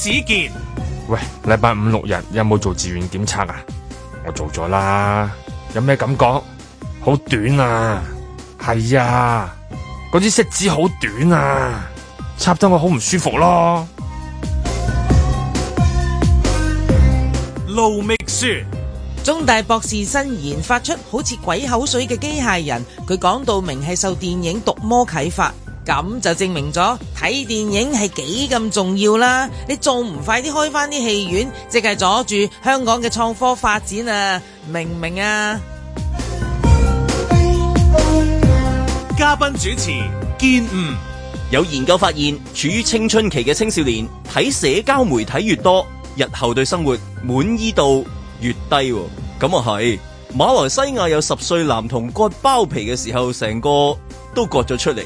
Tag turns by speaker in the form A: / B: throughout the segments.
A: 子健，喂，禮拜五六日有冇做自願檢測啊？我做咗啦，有咩感覺？好短啊，係啊，嗰支色紙好短啊，插得我好唔舒服咯。
B: 盧覓雪，中大博士新研發出好似鬼口水嘅機械人，佢講到明係受電影《毒魔》啟發。咁就證明咗睇電影係幾咁重要啦！你仲唔快啲開翻啲戲院，即係阻住香港嘅創科發展啊！明唔明啊？嘉賓主持，見悟。
C: 有研究發現，處於青春期嘅青少年睇社交媒體越多，日後對生活滿意度越低。咁啊係馬來西亞有十歲男童割包皮嘅時候，成個都割咗出嚟。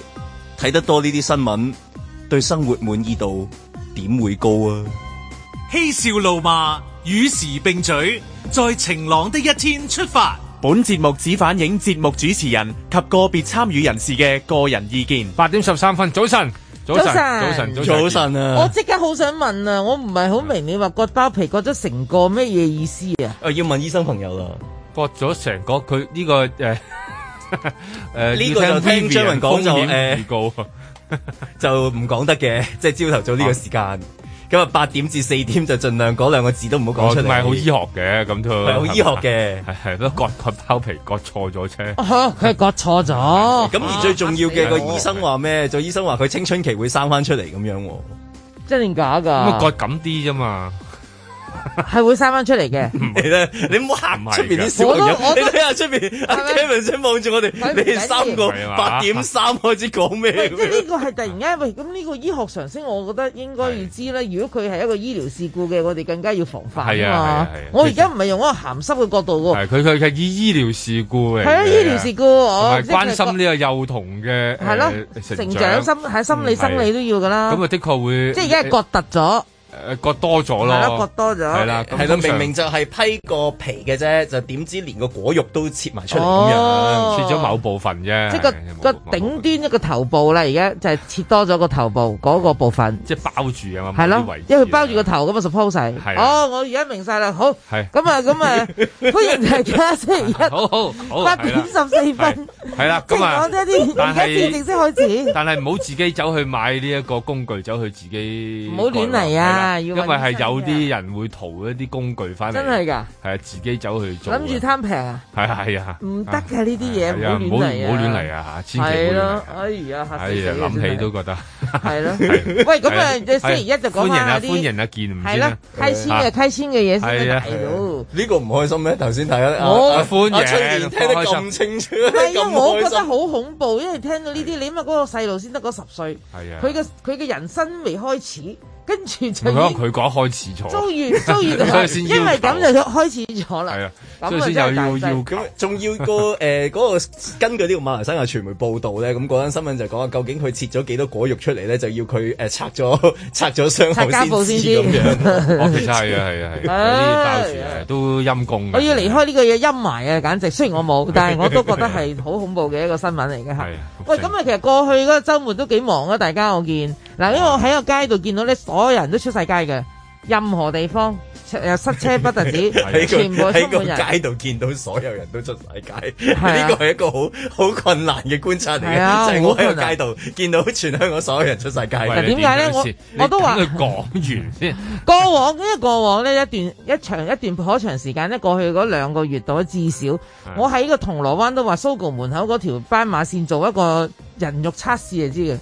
C: 睇得多呢啲新聞，對生活滿意度點會高啊？嬉笑怒罵，與時並進，在晴朗的一天出發。本節目只反映節目主持人及個別參與人士嘅個人意見。八點十三分，早晨，早晨，早晨，早晨，早晨，早晨啊！我即
B: 刻好想問啊，我唔係好明你話割包皮割咗成個咩嘢意思啊？誒，要問醫生朋友啊，
A: 割咗成個佢呢、這個誒。Uh 誒，呢、呃、要聽 個就聽張文講咗，誒、 呃，
C: 就唔講得嘅，即係朝頭早呢個時間。啊、今日八點至四點就盡量嗰兩個字都唔好講出嚟，唔係、啊嗎嗯、好醫學嘅咁
A: 都，係好醫學嘅，係係都割骨包皮割錯咗啫。
B: 佢係割錯咗，
C: 咁而最重要嘅個、啊、醫
A: 生話咩？就醫生話
C: 佢青春期會生翻出嚟咁樣，
B: 真定假噶？咁割
C: 咁啲啫嘛。
B: 係會生翻出嚟嘅。
C: 唔係，你唔好行埋出邊啲樹，你睇
D: 下出邊
C: 阿張文生望住我哋，你三個八點三開始講咩？即係
B: 呢個係突然間喂，咁呢個醫學常識，我覺得應該要知啦。如果佢係一個醫療事故嘅，我哋更加要防範啊嘛。我而家唔係用一個鹹濕嘅角度噶，係佢
A: 佢係以醫療事故嚟，係啊醫療事故
B: 我關心
A: 呢個幼童嘅係咯成長心
B: 喺心理生理都要噶啦。咁啊
A: 的確會，即係而家係覺突咗。誒割多咗咯，割
C: 多咗係啦，係啦，明明就係批個皮嘅啫，就點知連個果肉都切埋出
B: 嚟咁樣，切咗某
A: 部分啫。即係個
B: 個頂端一個頭部啦，而家就係切多咗個頭部嗰個部分。即係包住啊嘛，係咯，因為佢包住個頭咁啊。Suppose 係。哦，我而家明晒啦，好，係咁啊，咁啊，歡迎大家星
A: 期一，好，好，八點
B: 十四分，
A: 係啦，咁啊，講多啲，而家正
B: 式開始。
A: 但係唔好自己走去買呢一個工具，走去自己。唔好亂嚟啊！因為係有啲人會淘一啲工具翻嚟，真係噶，係啊，自己走去做，諗住
B: 貪平啊，係啊，係啊，唔得嘅呢啲嘢，唔好亂嚟啊，嚇，千祈，係咯，哎呀，哎呀，諗起都覺得係咯，喂，咁啊，星期一就講翻啲，歡迎
A: 阿健，係啦，欺騙
B: 嘅欺騙嘅嘢，係啊，
C: 哎呢個唔開心咩？頭先睇啊，我歡迎，聽得咁
A: 清楚，咁開心，我覺得
B: 好恐怖，因為聽到呢啲，你諗下嗰個細路先得嗰十歲，係啊，佢嘅佢嘅人生未開始。跟住佢嗰一開始咗，終於終於，所以先因為咁就開始咗啦。係啊，所以先又要要，咁仲要個
C: 誒嗰個根據呢個馬來西亞傳媒報道咧，咁嗰單新聞就講啊，究竟佢切咗幾多果肉出嚟咧，就要佢誒拆咗拆咗傷口先。家父先先，哦，其實係嘅係嘅係，
A: 啲包住都陰功。我
B: 要離開呢個嘢陰霾啊，簡直雖然我冇，但係我都覺得係好恐怖嘅一個新聞嚟嘅。係喂，咁啊，其實過去嗰個周末都幾忙啊，大家我見。嗱，因為我喺個街度見到咧，所有人都出晒街嘅，任何地方又塞車不特止，全部喺個街
C: 度見到所有人都出晒街，呢個係一個好好困難嘅觀察嚟嘅。啊、就我喺個街度見到全香港所有人出晒街。但係點解咧？我，我，我都話，你先講完先。
B: 過往因為過往咧一段一長一段頗長時間咧過去嗰兩個月到，至少，啊、我喺個銅鑼灣都話，Sogo 門口嗰條斑馬線做一個人肉測試就知嘅。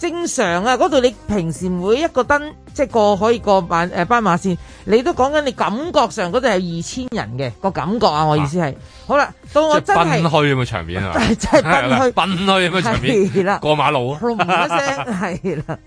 B: 正常啊，嗰度你平時每一個燈即係過可以過斑誒斑馬線，你都講緊你感覺上嗰度有二千人嘅個感覺啊！我意思係，好啦，到我真
A: 係崩墟咁嘅場面啊！真係崩墟，崩墟咁嘅場面， 啦過馬路啊！
B: 係 啦，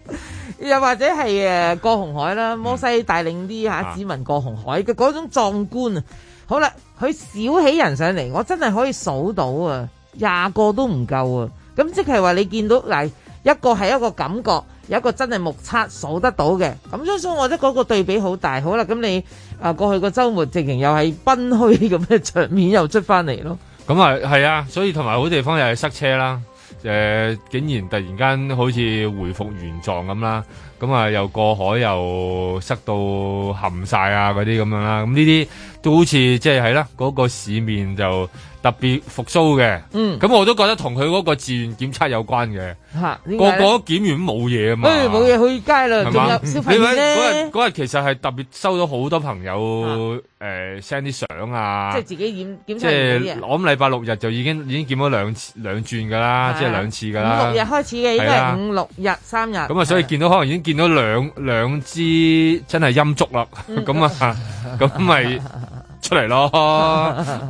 B: 又或者係誒過紅海啦，摩、嗯、西帶領啲嚇子民過紅海嘅嗰、啊、種壯觀啊！好啦，佢少起人上嚟，我真係可以數到啊，廿個都唔夠啊！咁即係話你見到嗱。一個係一個感覺，有一個真係目測數得到嘅，咁所以我覺得嗰個對比好大。好啦，咁你啊過去個週末，直情又係崩墟咁嘅場面又出翻嚟咯。
A: 咁啊係啊，所以同埋好地方又係塞車啦。誒、呃，竟然突然間好似回復原狀咁啦，咁、嗯、啊又過海又塞到冚晒啊嗰啲咁樣啦。咁呢啲都好似即係係啦，嗰、啊嗰個市面就。特別復甦嘅，咁我都覺得同佢嗰個自願檢測有關嘅。個個檢完冇嘢啊嘛，冇嘢去街啦，有消費嗰，日日其實係特別收到好多朋友，誒 send 啲相啊，即
B: 係自己檢檢。即係
A: 我咁禮拜六日就已經已經檢咗兩兩轉噶啦，即係兩次噶啦。六日開始嘅，應該係五
B: 六日三日。咁啊，所
A: 以見到可能已經見到兩兩支真係陰足啦，咁啊，咁咪。出嚟咯，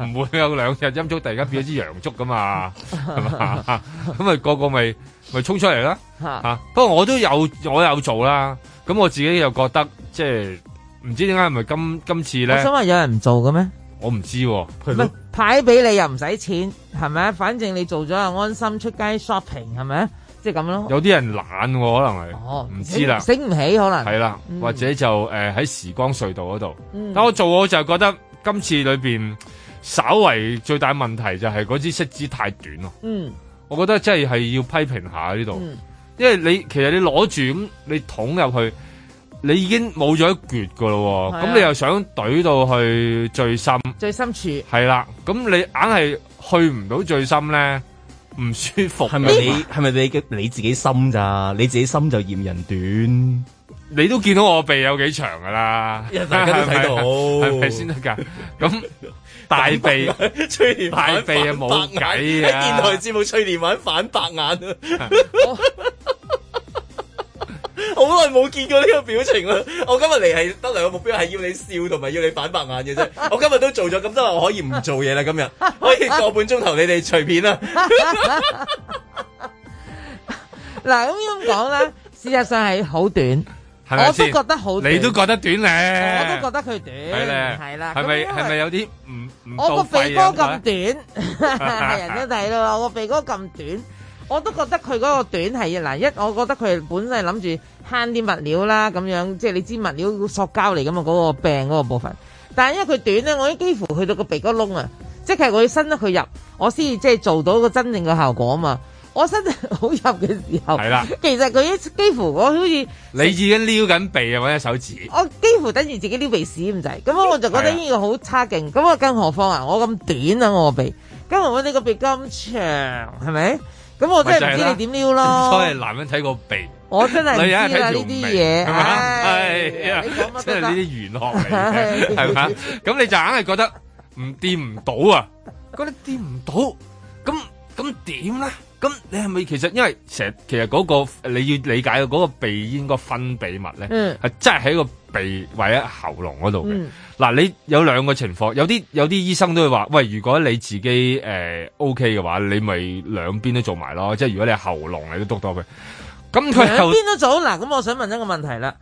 A: 唔會有兩隻陰燭突然間變咗支洋燭噶嘛，係嘛？咁、嗯、咪個個咪咪衝出嚟啦，吓！不過我都有我有做啦，咁、嗯、我自己又覺得即係唔知點解，係咪今今次咧？我想問有人唔做嘅咩？我唔知，佢唔係
B: 牌俾你又唔使錢，係咪啊？反正你做咗又安心出街 shopping，係咪即係咁咯。
A: 有啲人懶，可能係哦，唔知啦，醒唔
B: 起可能係能
A: 啦，或者就誒喺、呃、時光隧道嗰度。但我做我就覺得。今次裏邊稍為最大問題就係嗰支色枝太短咯，嗯、我覺得真係係要批評下呢度，嗯、因為你其實你攞住咁你捅入去，你已經冇咗一橛噶咯，咁、嗯、你又想懟到去最深，最深處係啦，咁你硬係去唔到最深咧，唔舒服。係咪你係咪你嘅你自己心咋？
C: 你自己心就嫌人短。
A: 你都見到我鼻有幾長噶啦，大家都睇到，係咪先得噶？咁大鼻，大鼻啊冇計啊！喺電台
C: 節目催眠玩反白眼，好耐冇見過呢個表情啦！我今日嚟係得兩個目標，係要你笑同埋要你反白眼嘅啫。 我今日都做咗，咁多我可以唔做嘢啦。今日可以個半鐘
A: 頭， 你哋隨便啦，
B: 啊。嗱，咁樣講啦，事實上係好短。
A: 我都覺得好，你都覺得短咧，我都覺
B: 得佢短，係咧，係啦，係咪係咪有
A: 啲唔唔？我個鼻哥咁
B: 短，係人都睇到，我個鼻哥咁短，我都覺得佢嗰個短係嗱一，我覺得佢本身諗住慳啲物料啦，咁樣即係你知物料塑膠嚟㗎嘛嗰個柄嗰個部分，但係因為佢短咧，我已經幾乎去到個鼻哥窿啊，即係我要伸得佢入，我先至即係做到個真正嘅效果啊嘛。我身好入嘅時候，係啦，其實佢一幾乎我好似
A: 你已經撩緊鼻啊！或者手指，
B: 我幾乎等住自己撩鼻屎咁滯。咁我就覺得呢個好差勁。咁啊，更何況啊，我咁短啊，我鼻，咁我你個鼻咁長，係咪？咁我真係唔知你點撩咯。所以男
A: 人睇個鼻，
B: 我真係睇下呢啲嘢，係咪？係啊，即係呢
A: 啲玄學嚟嘅，係咪？咁你就硬係覺得唔掂唔到啊？覺得掂唔到，咁咁點咧？咁你係咪其實因為成日其實嗰個你要理解嗰個鼻咽個分泌物咧，係真係喺個鼻或者喉嚨嗰度嘅。嗱、mm.，你有兩個情況，有啲有啲醫生都會話，喂，如果你自己誒、呃、OK 嘅話，你咪兩邊都做埋咯。即係如果你喉嚨你都督到佢，咁佢兩邊都做。嗱，咁我想問一個問題啦。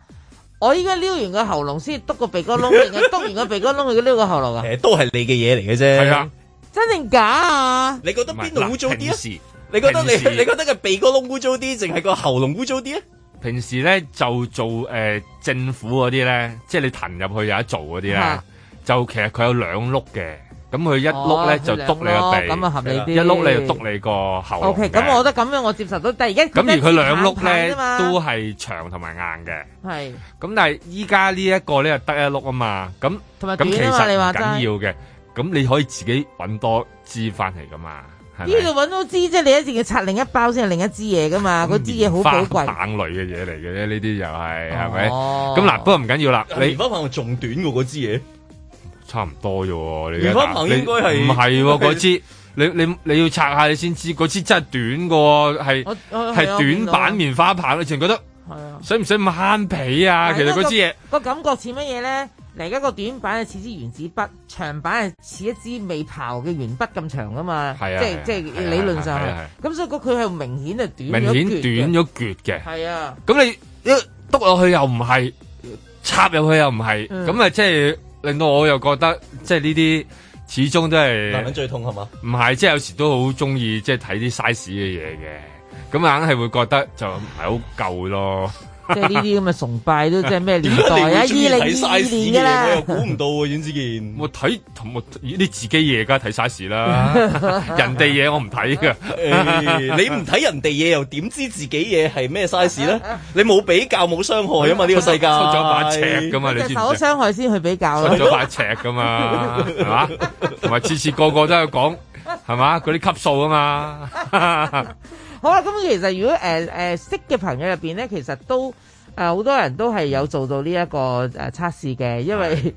B: 我依家撩完個喉嚨先，督個鼻哥窿，然後督完個鼻哥窿，佢再撩個喉嚨啊。
C: 誒，都係你嘅嘢嚟嘅啫。係啊，
B: 真定假啊？
C: 你覺得邊度好做啲事？ 你覺得你你覺得個鼻哥窿污糟啲，定係個喉
A: 嚨污糟啲啊？平時咧就做誒，政府嗰啲咧，即係你騰入去有得做嗰啲咧，就其實佢有兩碌嘅，咁佢一碌咧就督你個鼻，咁啊合理啲，一碌你就督你個喉。OK，咁我覺得
B: 咁樣我接受到，但係而家咁而佢兩碌咧都係
A: 長同埋硬嘅。係。咁但係依家呢一個咧就得一碌啊嘛，咁同埋咁其實唔緊要嘅，咁你可以自己揾多支翻嚟噶嘛。呢度
B: 揾到支即係，你一定要拆另一包先係另一支嘢噶嘛？嗰支嘢好寶貴，棉花
A: 棒類嘅嘢嚟嘅咧，呢啲又係係咪？咁嗱，不過唔緊要啦。你棉花棒仲短過嗰支嘢，差唔多啫。棉花棒應該係唔係嗰支？你你你要拆下你先知，嗰支真係短噶，係，係短版棉花棒，你淨覺得係啊？使唔使咁慳皮啊？其實嗰支嘢
B: 個感覺似乜嘢咧？嚟家個短版係似支原子筆，長版係似一支未刨嘅鉛筆咁長㗎嘛？係啊，即係即係理論上。係、啊，咁、啊啊啊啊、所以佢佢係明顯係短，明顯短咗橛嘅。係
A: 啊，咁你一篤落去又唔係，插入去又唔係，咁啊即係令到我又覺得即係呢啲始終都係男人最痛係嘛？唔係，即係有時都好中意即係睇啲 size 嘅嘢嘅，咁硬係會覺得就唔係好夠咯。即係呢啲
B: 咁嘅崇拜都即係咩年代
A: 啊？二零二二年嘅我又估唔到啊！尹子健，我睇同我呢自己嘢梗睇 size 啦， 人哋嘢我唔睇噶。你唔睇
C: 人哋嘢，又點知自己嘢係咩 size 咧？ 你冇比較冇傷害啊嘛？呢 個世界出咗八尺噶嘛？
A: 你受咗
B: 傷害先去比較出咗八
A: 尺噶嘛？係嘛 吧？同埋次次個個都係講，係嘛？嗰啲級數啊嘛？
B: 好啦，咁其實如果誒誒、呃呃、識嘅朋友入邊咧，其實都誒好、呃、多人都係有做到呢一個誒測試嘅，因為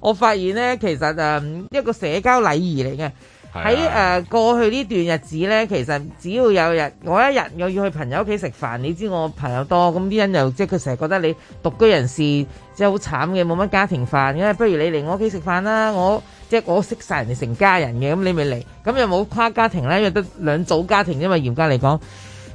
B: 我發現咧，其實誒、嗯、一個社交禮儀嚟嘅。喺誒、呃、過去呢段日子呢，其實只要有日，我一日又要去朋友屋企食飯，你知我朋友多，咁啲人又即係佢成日覺得你獨居人士，即係好慘嘅，冇乜家庭飯，咁不如你嚟我屋企食飯啦！我即係我識晒人哋成家人嘅，咁你未嚟，咁又冇跨家庭啦，因為得兩組家庭，因為嚴格嚟講。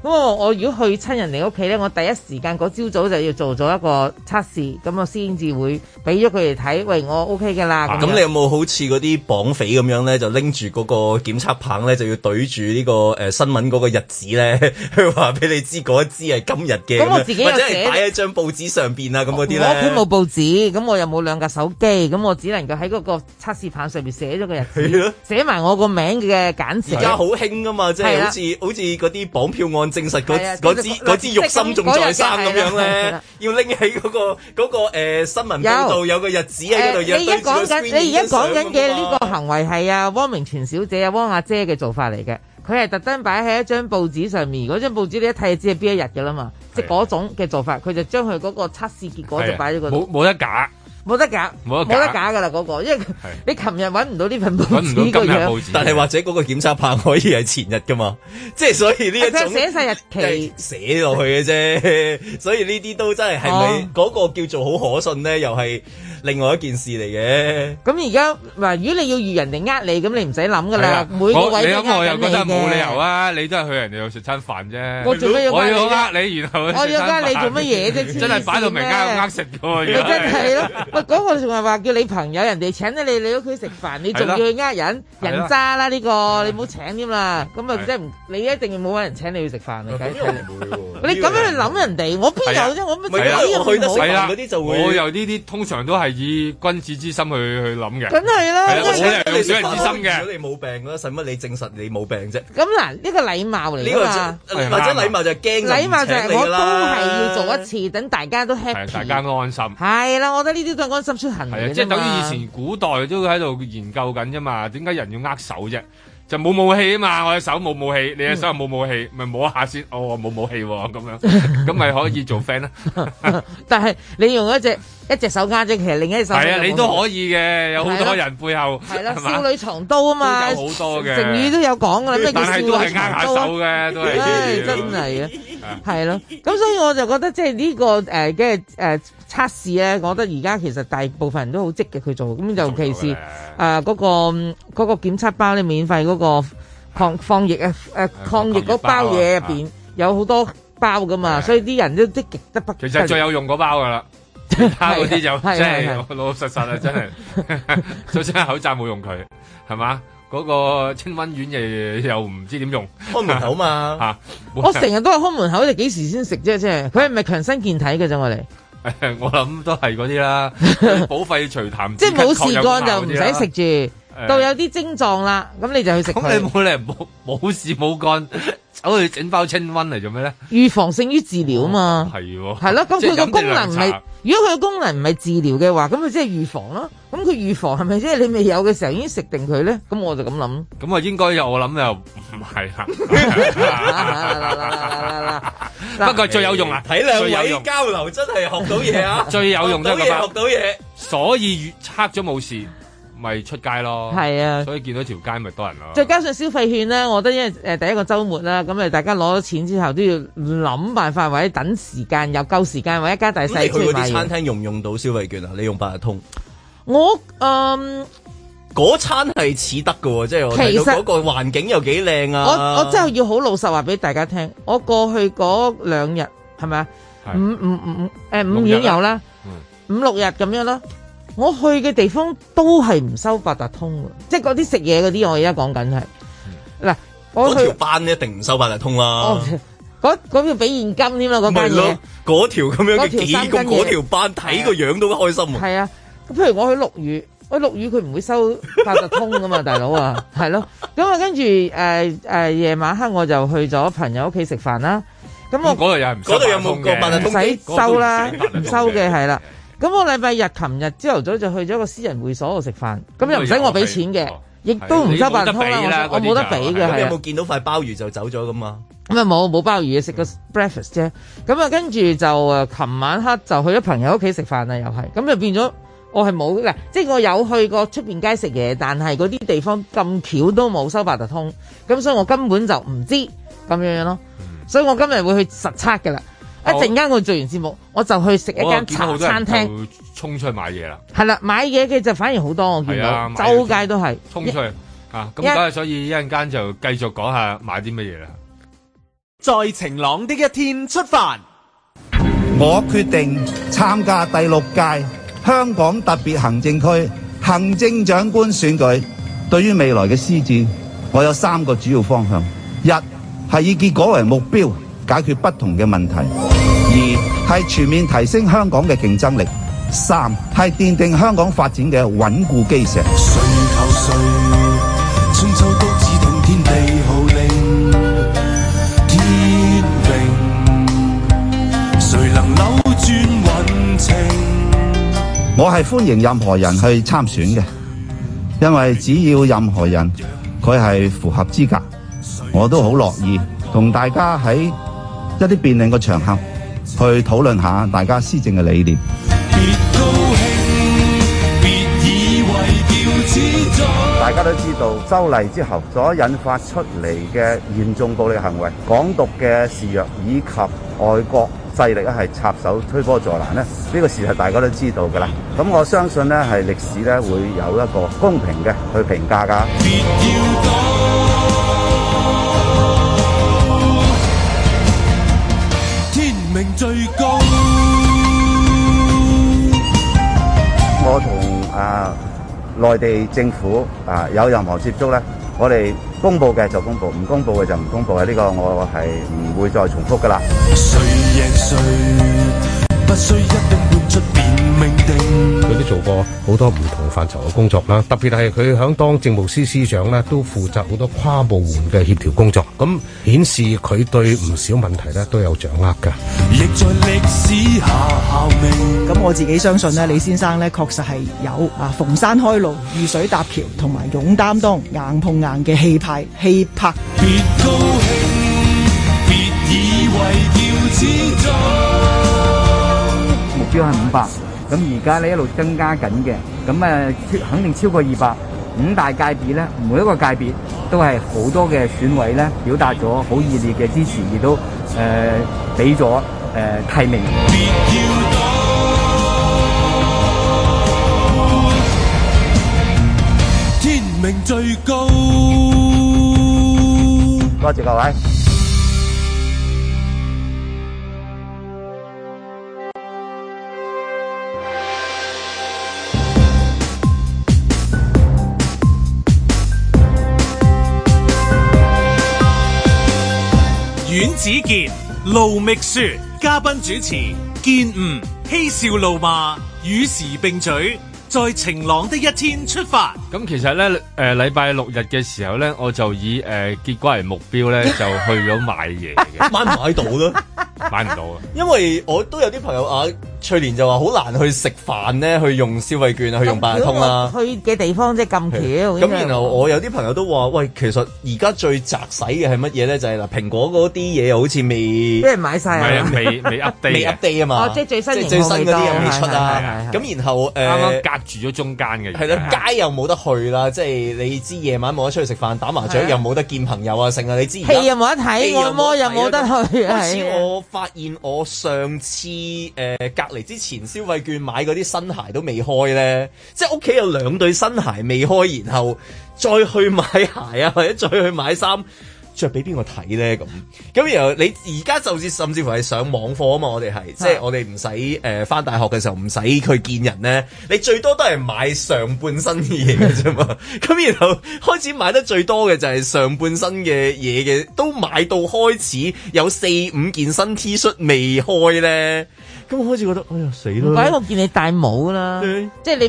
B: 咁我如果去親人哋屋企咧，我第一時間嗰朝早就要做咗一個測試，咁我先至會俾咗佢哋睇。喂，我 O K 噶啦。咁、啊、你有
C: 冇好似嗰啲綁匪咁樣咧，就拎住嗰個檢測棒咧，就要對住呢、呢個誒、呃、新聞嗰個日子咧，去話俾你知嗰一支係今日
B: 嘅。咁我自己寫擺喺
C: 張報紙上邊啊，咁嗰啲咧。我冇
B: 報紙，咁我又冇兩架手機，咁我只能夠喺嗰個測試棒上面寫咗個日子，啊、寫埋我個名嘅簡寫。而家好興㗎嘛，即係好似、
C: 啊、好似嗰啲綁票案。證實嗰支支肉心仲在生咁是樣咧，要拎起嗰、那個嗰、那個誒、呃、新聞度有個日子喺度，有、呃。你而家講緊，你而家講緊嘅
B: 呢個行為係啊，汪明荃小姐啊，汪阿姐嘅做法嚟嘅。佢係特登擺喺一張報紙上面，嗰張報紙你一睇就知係邊一日嘅啦嘛，即係嗰種嘅做法，佢就將佢嗰個測試結果就擺喺嗰度。冇冇得假。冇得假，冇得假噶啦嗰個，因為你琴日揾唔到呢份報紙，揾唔到今日報紙嘅樣，但
C: 係或者嗰個檢測棒可以係前日噶嘛，
B: 即、就、係、是、所以呢一種寫晒，哎、日期
C: 寫落去嘅啫，所以呢啲都真係係咪嗰個叫做好可信咧？又係？另外一件
A: 事嚟嘅，
B: 咁而家，嗱，如果你要遇人哋呃你，咁你唔使諗噶啦。每個位都呃緊你嘅。我又覺得冇
A: 理由啊！你都係去人哋度食餐飯啫。我做咩要呃你咧？我要呃你，然後我要呃你做乜嘢啫？真係擺到明呃呃食嘅。你真係咯，
B: 喂，嗰個仲係話叫你朋友，人哋請咗你嚟屋企食飯，你仲要去呃人？人渣啦呢個，你唔好請添啦。咁啊，即係唔，你一定要冇人請你去食飯嚟嘅。你咁樣去諗人哋，我邊有啫？我乜嘢都要去得食飯嗰啲就會。我
A: 又呢啲通常都係。以君子之心去，去諗
B: 嘅，咁，梗
A: 係啦，咁，咁， 就冇武器啊嘛，我隻手冇武器，你隻手冇武器，咪摸一下先。哦，冇武器咁樣，咁咪可以做 friend 囉。
B: 但係你用一隻一隻手握住，其實另一隻手係啊，你都可
A: 以嘅。有好多人背後係啦，少女
B: 藏刀啊嘛，有好
A: 多嘅成語都
B: 有講噶啦，都係握下手嘅，都係。真係啊，係咯。咁所以我就覺得即係呢個誒，即係誒測試咧。我覺得而家其實大部分人都好積極去做，咁尤其是誒嗰個。嗰個檢測包你免費嗰個抗防疫啊，誒，防疫嗰包嘢入邊有好多包㗎嘛，所以啲人都都極得不其實最有用
A: 嗰包㗎啦，其他嗰啲就真係老老實實啊，真係，再加口罩冇用佢，係嘛？嗰個清瘟丸嘢又唔知點用，開門口嘛嚇！我成
B: 日都係開門口，你幾時先食啫？即係佢係咪強身健體嘅啫？我哋
A: 我諗都係嗰啲啦，補肺除痰，即係冇事幹就唔使食住。到有
B: 啲症狀啦，咁你就去食。咁你冇
A: 理，冇事冇乾，走去整包清瘟嚟做咩咧？
B: 預防勝於治療啊嘛。
A: 係喎、哦。係咯，咁佢個功能唔係，
B: 如果佢個功能唔係治療嘅話，咁咪即係預防咯，啊。咁佢預防係咪即係你未有嘅時候已經食定佢咧？咁我就咁諗。
A: 咁 啊，應該又我諗又唔係啦。不過最有用啊！睇兩位交流真
B: 係學到嘢啊！最有用都係學到嘢
A: 東湯。所以測咗冇事。咪出街咯，係啊，所以見到條街咪多人咯。再
B: 加上消費券咧，我覺得因為，誒第一個周末啦，咁啊，大家攞咗錢之後都要諗辦法，或者等時間又夠時間，或者一家大細。咁你去嗰啲餐
C: 廳用唔用到消費券啊？你用八達通？
B: 我嗯，
C: 嗰餐係似得噶，即係我睇到，其實，嗰個環境又幾靚啊！我我真係
B: 要好老實話俾大家聽，我過去嗰兩日係咪啊？五五五誒五六日啦，五六日咁樣咯。我去嘅地方都係唔收八達通嘅，即係嗰啲食嘢嗰啲，我而家講緊係嗱，嗰條
C: 班一定唔收八達通啦。
B: 嗰嗰條俾現金添啦，嗰間嘢。
C: 嗰條咁樣嘅幾嗰條班，睇個樣都開心。係
B: 啊，咁譬如我去陸羽，我陸羽佢唔會收八達通㗎嘛，大佬啊，係咯。咁啊，跟住誒誒，夜晚黑我就去咗朋友屋企食飯啦。
A: 咁我嗰度又唔嗰度有冇個八達通唔使收啦，
B: 唔收嘅係啦。咁我禮拜日、琴日、朝頭早就去咗個私人會所度食飯，咁又唔使我俾錢嘅，亦都唔收八達通啦。我冇得俾嘅，係啊。你有冇見
C: 到塊鮑魚就走咗咁啊？
B: 咁啊冇冇鮑魚，食個 breakfast 啫。咁啊、嗯，跟住就誒，琴晚黑就去咗朋友屋企食飯啦，又係。咁就變咗我係冇嘅，即係我有去過出邊街食嘢，但係嗰啲地方咁巧都冇收八達通，咁所以我根本就唔知咁樣樣咯。嗯、所以我今日會去實測嘅啦。一陣間我做完節目，我就去食一間茶餐廳，
A: 衝出去買嘢啦。
B: 係啦，買嘢嘅就反而好多，我見到周街都係衝出
A: 去。嗯、啊、咁、嗯在嗯、所以一陣間就繼續講下買啲乜嘢啦。在晴朗的一天出發，
E: 我決定參加第六屆香港特別行政區行政長官選舉。對於未來嘅施戰，我有三個主要方向：一係以結果為目標，解決不同嘅問題。二係全面提升香港嘅競爭力，三係奠定香港發展嘅穩固基石。誰求誰，春秋都只聽天地
C: 號令，天命，誰能扭轉運程？
E: 我係歡迎任何人去參選嘅，因為只要任何人佢係符合資格，我都好樂意同大家喺一啲辯論嘅場合。去討論下大家施政嘅理念。以為大家都知道修例之後所引發出嚟嘅嚴重暴力行為、港獨嘅示弱以及外國勢力咧係插手推波助瀾咧，呢、這個事實大家都知道㗎啦。咁我相信呢係歷史咧會有一個公平嘅去評價㗎。啊！內地政府啊，有任何接觸咧，我哋公佈嘅就公佈，唔公佈嘅就唔公佈嘅，呢個我係唔會再重複㗎喇。
A: 做過好多唔同範疇嘅工作啦，特別係佢響當政務司司長呢，都負責好多跨部門嘅協調工作，咁顯示佢對唔少問題咧都有掌握噶。
F: 亦在歷史下效命，咁我自己相信呢，李先生咧確實係有啊，逢山開路，遇水搭橋，同埋勇擔當、硬碰硬嘅氣派氣魄。別
D: 高興，別以為要始終，
E: 目標係五百。咁而家咧一路增加緊嘅，咁
C: 啊，肯定超過二百，五大界別咧，每一個界別都係好多嘅選委咧，表達咗好熱烈嘅支持，亦都誒俾咗誒提名到。天命最高，
E: 多謝各位。
A: 尹子傑、盧覓雪，
C: 嘉賓主持見唔嬉笑怒罵，與時並舉，在晴朗的一天出發。
A: 咁其實咧，誒禮拜六日嘅時候咧，我就以誒、呃、結果為目標咧，就去咗買嘢嘅， 買唔買到咯？ 買唔到啊，
C: 因為我都有啲朋友啊。去年就話好難去食飯咧，去用消費券啊，去用八達通啦。去
B: 嘅地方即係咁
C: 巧。咁然後我有啲朋友都話：喂，其實而家最宅使嘅係乜嘢咧？就係嗱，蘋果嗰啲嘢又好似未，俾人買晒。未未 update，update 啊嘛。即係最新最新嗰啲未出啊。咁然後誒，隔住咗中間嘅。係啦，街又冇得去啦，即係你知夜晚冇得出去食飯、打麻雀，又冇得見朋友啊，成啊，你知而家戲又冇得睇，按摩又冇得去。開始我發現我上次誒隔。嚟之前，消費券買嗰啲新鞋都未開呢，即係屋企有兩對新鞋未開，然後再去買鞋啊，或者再去買衫着俾邊個睇呢？咁咁然後你而家就至甚至乎係上網課啊嘛。我哋係 即係我哋唔使誒翻大學嘅時候唔使去見人呢，你最多都係買上半身嘅嘢啫嘛。咁然後開始買得最多嘅就係上半身嘅嘢嘅，都買到開始有四五件新 T 恤未開呢。咁我開始覺得，哎呀死
B: 啦！唔怪我見你戴帽啦，即係你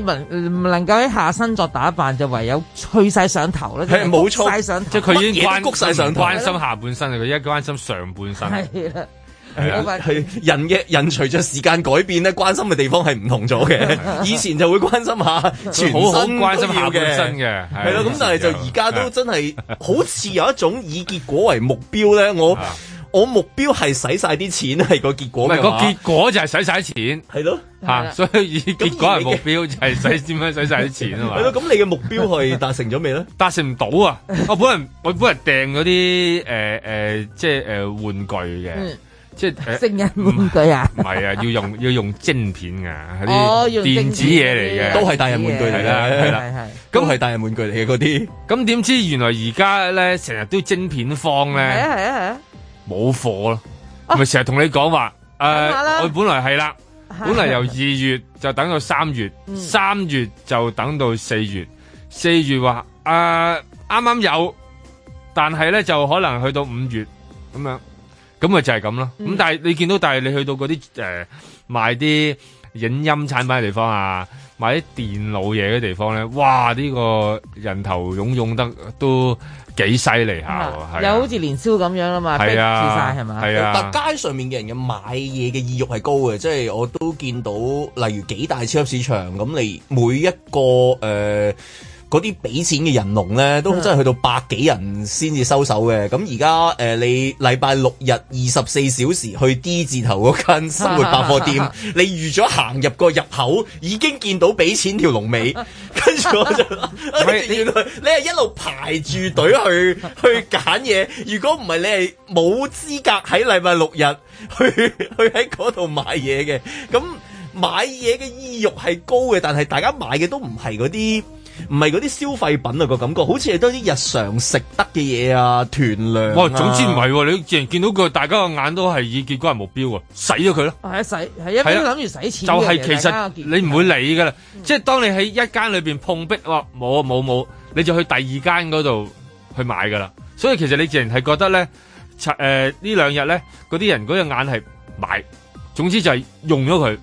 B: 唔能夠喺下身作打扮，就唯有去晒上頭啦，冇曬上。即係佢已經關心下
A: 半身，佢而家關心上半身。係啦，係人
C: 嘅人隨著時間改變咧，關心嘅地方係唔同咗嘅。以前就會關心下全身關心下半身嘅係咯。咁但係就而家都真係好似有一種以結果為目標咧，我。我目標係使晒啲錢係個結果嘅，唔係個結
A: 果就係使晒啲錢，係咯吓，所以結果係目標就係使點樣使晒啲錢啊嘛。係咯，咁你嘅目標係達成咗未咧？達成唔到啊！我本人我本人訂嗰啲誒誒，即係誒玩具嘅，即係成人玩
B: 具啊？唔係啊，要
A: 用要用晶片啊，啲電子嘢嚟嘅，都係大人玩具嚟啦，係啦係。咁係大人玩具嚟嘅嗰啲，咁點知原來而家咧成日都要晶片方咧？係啊
B: 係啊係啊！
A: 冇貨咯，咪成日同你講話，誒，我本來係啦，本來由二月就等到三月，三月就等到四月，四月話誒啱啱有，但係咧就可能去到五月咁樣，咁咪就係咁咯。咁但係你見到，但係你去到嗰啲誒賣啲影音產品嘅地方啊。買啲電腦嘢嘅地方咧，哇！呢、這個人頭湧湧得都幾犀利下喎，啊啊、又
B: 好似年宵咁樣啊嘛，飛住曬係咪？特、啊、街上面嘅人嘅買嘢嘅
C: 意欲係高嘅，即、就、係、是、我都見到，例如幾大超級市場咁，你每一個誒。呃嗰啲俾錢嘅人龍咧，都真係去到百幾人先至收手嘅。咁而家誒，你禮拜六日二十四小時去 D 字頭嗰間生活百貨店， 你預咗行入個入口已經見到俾錢條龍尾，
D: 跟住 我
C: 就原來你你係一路排住隊去 去揀嘢。如果唔係你係冇資格喺禮拜六日去去喺嗰度買嘢嘅。咁買嘢嘅意欲係高嘅，但係大家買嘅都唔係嗰啲。唔係嗰啲消費品啊，個感覺，好似係都啲日常食得嘅嘢啊，囤糧啊。哇，總之唔
A: 係，啊，你自然見到佢，大家個眼都係以結果為目標嘅，使咗佢咯。係啊，使係一啲諗住使錢，啊。就係、是，其實你唔會理噶啦，嗯、即係當你喺一間裏邊碰壁，話，冇啊，冇冇，你就去第二間嗰度去買噶啦。所以其實你自然係覺得咧，誒、呃、呢兩日咧嗰啲人嗰隻眼係買，總之就係用咗佢，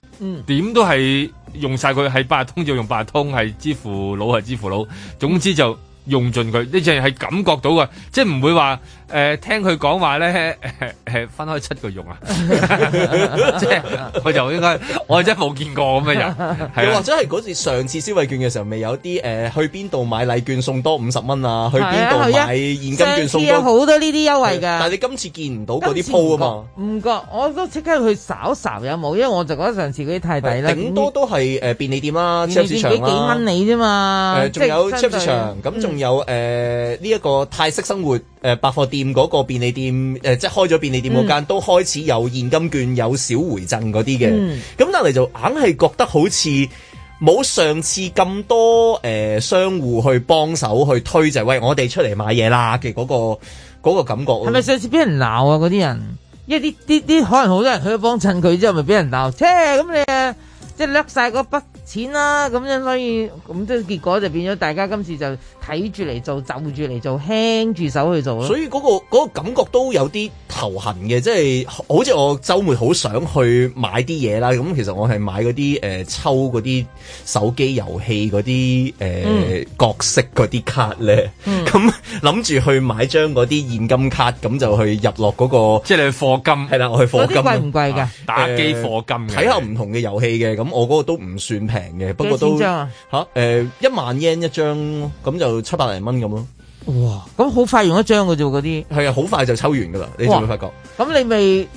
A: 點、嗯、都係。用晒佢係八達通就用八達通，係支付佬係支付佬，總之就用盡佢，呢隻係感覺到㗎，即係唔會話。誒聽佢講話咧，誒誒分開七個用啊！即係我就應該，我真係冇見過咁嘅人。係啊，或者
C: 係嗰次上次消費券嘅時候，未有啲誒去邊度買禮券送多五十蚊啊？去邊度買現金券送多好多呢啲優惠㗎。但係你今次見唔到嗰啲鋪啊嘛？
B: 唔覺，我都即刻去搜搜有冇，因為我就覺得上次嗰啲太抵啦。頂多
C: 都係誒便利店啦、超市場啦。幾蚊你
B: 啫嘛？仲有超市場，
C: 咁仲有誒呢一個泰式生活誒百貨店。嗰個便利店誒、呃，即係開咗便利店嗰間、嗯、都開始有現金券、有小回贈嗰啲嘅。咁、嗯、但係就硬係覺得好似冇上次咁多誒、呃、商戶去幫手去推就係、是、喂我哋出嚟買嘢啦嘅嗰、那
B: 個那個感覺。係咪上次俾人鬧啊？嗰啲人，因為啲啲啲可能好多人去幫襯佢之後，咪俾人鬧。切、欸、咁你啊！即係掠晒筆錢啦，咁樣所以咁即係結果就變咗大家今次就睇住嚟做，就住嚟做，輕住手去做咯。所以
C: 嗰個嗰個感覺都有啲頭痕嘅，即係好似我周末好想去買啲嘢啦。咁其實我係買嗰啲誒抽嗰啲手機遊戲嗰啲誒角色嗰啲卡咧。咁諗住去買張嗰啲現金卡，咁就去入落嗰個，即係你去課金係啦，我去課金。唔貴嘅？打機課金，睇下唔同嘅遊戲嘅。咁我嗰個都唔算平嘅，不過都吓，誒、啊啊呃、一萬 yen 一張，咁就七百零蚊咁咯。
B: 哇！咁好快用一張嘅啫，嗰
C: 啲係啊，好快就抽完噶啦，你就會發覺。
B: 咁你咪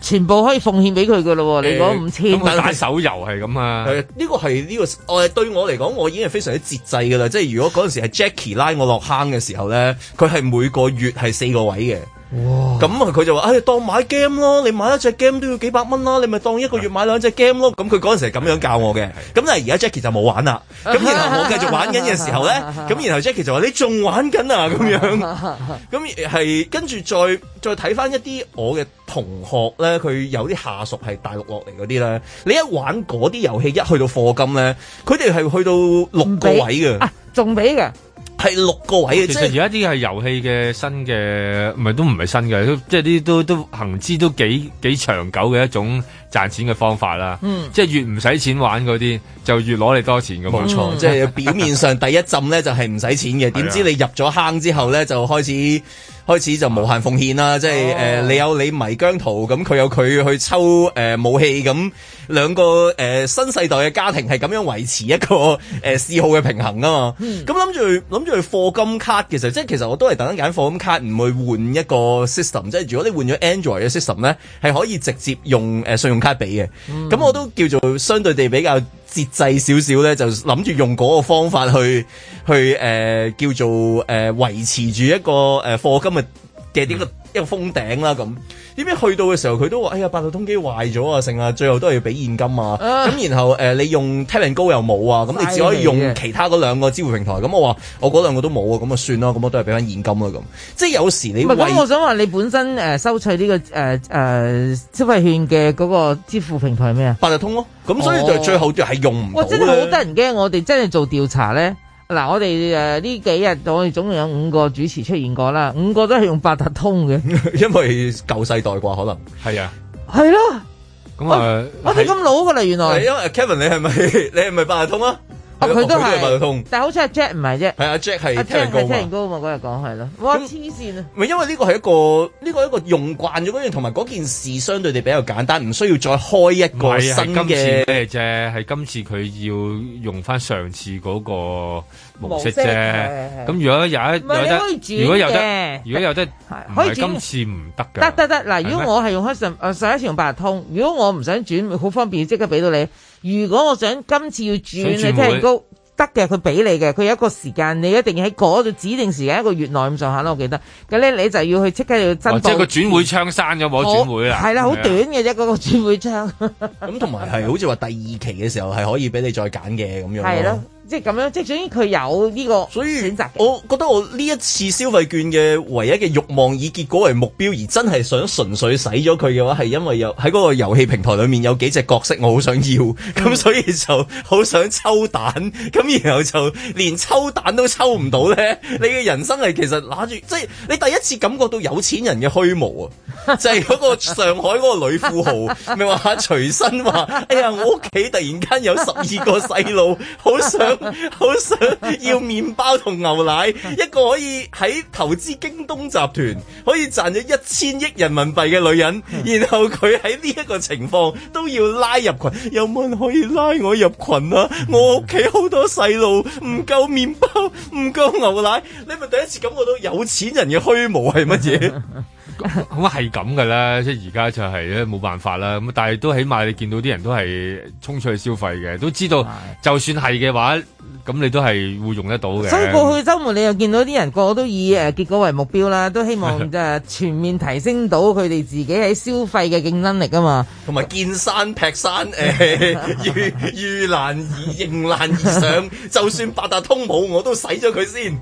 B: 全部可以奉獻俾佢噶咯？呃、你講五千，打
C: 手遊係咁啊？係呢個係呢個，我對我嚟講我已經係非常之節制噶啦。即係如果嗰陣時係 Jackie 拉我落坑嘅時候咧，佢係每個月係四個位嘅。哇！咁啊，佢就話：，哎，當買 game 咯，你買一隻 game 都要幾百蚊咯，你咪當一個月買兩隻 game 咯。咁佢嗰陣時係咁樣教我嘅。咁但係而家 Jackie 就冇玩啦。
D: 咁然後我繼續玩緊嘅時候咧，咁 然後
C: Jackie 就話：，你仲玩緊啊？咁樣，咁係跟住再再睇翻一啲我嘅同學咧，佢有啲下屬係大陸落嚟嗰啲咧。你一玩嗰啲遊戲一去到課金咧，佢哋係去到六
A: 個位嘅，啊，仲俾嘅。
B: 係六個位，哦、其實而
A: 家啲係遊戲嘅新嘅，唔係都唔係新嘅，都即係啲都都行之都幾幾長久嘅一種。賺錢嘅方法啦，嗯、即係越唔使錢玩啲，就越攞你多錢咁。冇錯，即係表面
C: 上第一浸咧 就係唔使錢嘅，點知你入咗坑之後咧就開始 開始就無限奉獻啦。即係誒、哦呃、你有你迷姜濤，咁佢有佢去抽誒、呃、武器，咁兩個誒、呃、新世代嘅家庭係咁樣維持一個誒、呃、嗜好嘅平衡啊嘛。咁諗住諗住去課金卡嘅時候，即係其實我都係特登揀課金卡，唔會換一個 system。即係如果你換咗 Android 嘅 system 咧，係可以直接用誒信用。呃呃卡比嘅，咁、嗯、我都叫做相對地比較節制少少咧，就諗住用嗰個方法去去誒、呃、叫做誒維、呃、持住一個誒課、呃、金嘅。嘅啲一、嗯、一個封頂啦咁，點解去到嘅時候佢都話：哎呀，八達通機壞咗啊，剩啊，最後都係要俾現金啊。咁、啊、然後誒、呃，你用 Tap & Go 又冇啊，咁你只可以用其他嗰兩個支付平台。咁我話我嗰兩個都冇啊，咁啊算啦，咁我都係俾翻現金啦咁。即係有時你我
B: 想話你本身誒收取呢、這個誒誒消費券嘅嗰個支付平台係咩啊？八達通咯。
C: 咁所以就最後就係用唔
B: 到、哦。哇！真係好得人驚，我哋真係做調查咧。嗱，我哋誒呢幾日我哋總共有五個主持出現過啦，五個都係用八達通嘅，
C: 因為舊世代啩可能係啊，
B: 係咯，
C: 咁啊，我哋咁
B: 老噶啦，原來係因
C: 為 Kevin 你係咪你係咪八達通啊？
B: 哦，佢都係，但係好似阿 Jack 唔係啫。係阿 Jack
C: 係聽人講，聽人講
B: 我嗰日講係咯。哇，黐線啊！咪
C: 因為呢個係一個呢個一個用慣咗嗰樣，同埋嗰件事相對地比較簡單，唔需要再開一個新嘅。
A: 咩啫？係今次佢要用翻上次嗰個模式啫。咁如果有一有得，如果有得，如果有得，係可以。今次唔得嘅。得得得，嗱，如果我係
B: 用開上一次用八達通，如果我唔想轉，好方便，即刻俾到你。如果我想今次要轉，轉你即係高得嘅，佢俾你嘅，佢有一個時間，你一定要喺嗰個指定時間一個月內咁上下啦。我記得咁咧，你就要去即刻要、哦、即係個轉
A: 會窗閂咗冇轉會啦，係啦、哦，好的短
B: 嘅啫嗰個轉會窗。咁同埋係好
C: 似話第二期嘅時候係可以俾你再揀嘅咁樣。係咯。
B: 即係咁樣，即係總之佢有呢個，所以選擇
C: 我覺得我呢一次消費券嘅唯一嘅慾望，以結果為目標，而真係想純粹使咗佢嘅話，係因為有喺個遊戲平台裏面有幾隻角色我好想要，咁所以就好想抽蛋，咁然後就連抽蛋都抽唔到咧。你嘅人生係其實拿住，即係你第一次感覺到有錢人嘅虛無啊就係個上海個女富豪，你話 隨身話，哎呀我屋企突然間有十二個細路，好想。好 想要麵包同牛奶， 一個可以喺投資京東集團可以賺咗一千億人民幣嘅女人， 然後佢喺呢一個情況都要拉入群，有冇人可以拉我入群啊？我屋企好多細路，唔夠麵包，唔夠牛奶，你咪第一次感覺到有錢人嘅虛無係乜嘢？
A: 咁啊，係咁噶啦，即係而家就係咧，冇辦法啦。咁但係都起碼你見到啲人都係衝出去消費嘅，都知道就算係嘅話，咁你都係會用得到嘅。所以過去
B: 周末你又見到啲人個個都以誒結果為目標啦，都希望誒全面提升到佢哋自己喺消費嘅競爭力啊嘛，同埋 見
C: 山劈山誒，遇、呃、遇難而迎難而上， 就算八達通冇我都使咗佢先。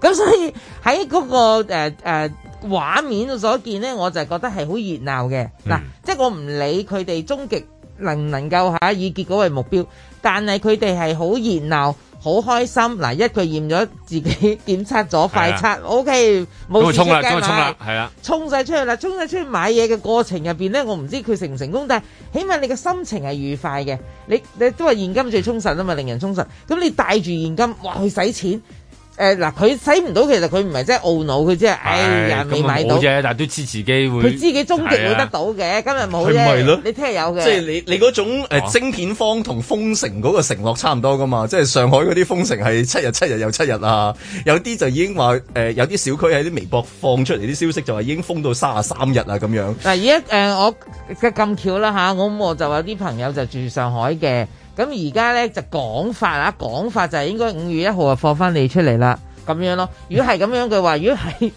B: 咁 所以喺嗰、嗰個誒誒。呃呃畫面所見呢，我就覺得係好熱鬧嘅。嗱、嗯，即係我唔理佢哋終極能唔能夠嚇以結果為目標，但係佢哋係好熱鬧、好開心。嗱，一佢驗咗自己檢測咗快測，O K，冇事嘅。買，係啊，充晒出去啦，充晒出去買嘢嘅過程入邊呢，我唔知佢成唔成功，但係起碼你嘅心情係愉快嘅。你你都係現金最充實啊嘛，令人充實。咁你帶住現金，哇，去使錢。誒，嗱佢使唔到，其實佢唔係真係懊惱，佢即係，是哎呀未買到啫，
A: 但係都支持機會。佢自己終極會得
B: 到嘅。是啊、今日冇啫，你聽日有嘅。即係你你嗰種
C: 誒晶片方同封城嗰個承諾差唔多噶嘛，即係上海嗰啲封城係七日七日又七日啊，有啲就已經話誒、呃、有啲小區喺啲微博放出嚟啲消息，就話已經封到三啊三日啊咁樣。
B: 嗱而家誒我嘅咁巧啦吓，我、啊、我就有啲朋友就住上海嘅。咁而家咧就講法啦，講法就係應該五月一號就放翻你出嚟啦，咁樣咯。如果係咁樣嘅話，如果係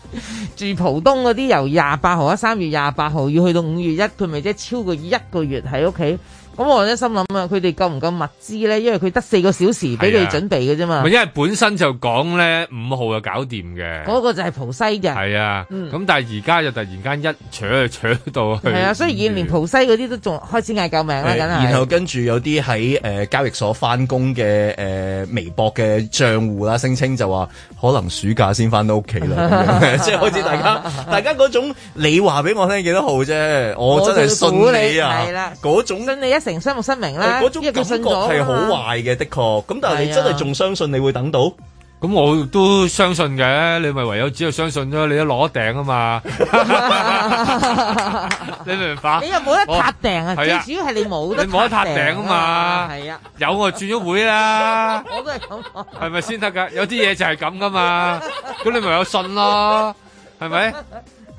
B: 住浦東嗰啲由廿八號啊，三月廿八號要去到五月一，佢咪即係超過一個月喺屋企？咁我一心諗啊，佢哋夠唔夠物資咧？因為佢得四個小時俾佢準備嘅啫嘛。因為
A: 本身就講咧五號就搞掂嘅。嗰
B: 個就係浦西嘅。係
A: 啊，咁但係而家就突然間一扯就扯到去。係啊，
B: 所以而家連浦西嗰啲都仲開始嗌救命啦，真係。然後
C: 跟住有啲喺誒交易所翻工嘅誒微博嘅賬戶啦，聲稱就話可能暑假先翻到屋企啦，咁樣即係好似大家大家嗰種你話俾我聽幾多號啫，我真係信你啊！係啦，
B: 嗰種跟你一。成世目失明啦，嗰種感覺係好壞
A: 嘅，的確。咁但係你真係仲相信你會等到？咁我都相信嘅，你咪唯有只要相信啫，你都攞頂啊嘛。你明唔明白？你又冇得撻頂啊？最主要係你
B: 冇得，你冇得撻頂啊嘛。係
A: 啊，有我轉咗會啦。我都
B: 係咁講，係咪
A: 先得噶？有啲嘢就係咁噶嘛。咁你咪有信咯，係咪？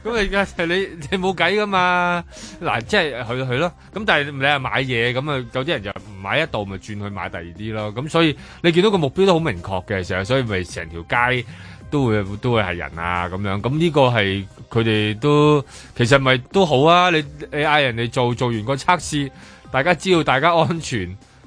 A: 咁你而家你你冇計噶嘛？嗱，即係去去咯。咁但係你係買嘢，咁啊，有啲人就唔買一度，咪轉去買第二啲咯。咁所以你見到個目標都好明確嘅，成日所以咪成條街都會都會係人啊咁樣。咁呢個係佢哋都其實咪都好啊。你你嗌人哋做做完個測試，大家知道大家安全，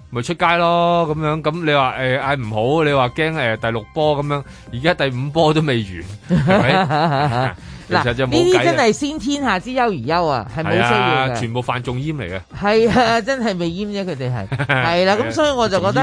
A: 咪出街咯。咁樣，咁你話誒嗌唔好，你話驚誒第六波咁樣，而家第五波都未完。呢啲真係
B: 先天下之憂而憂啊，係冇需要全
A: 部范仲淹嚟
B: 嘅，係 啊，真係未淹啫，佢哋係，係啦、啊，咁、 啊、所以我就覺得，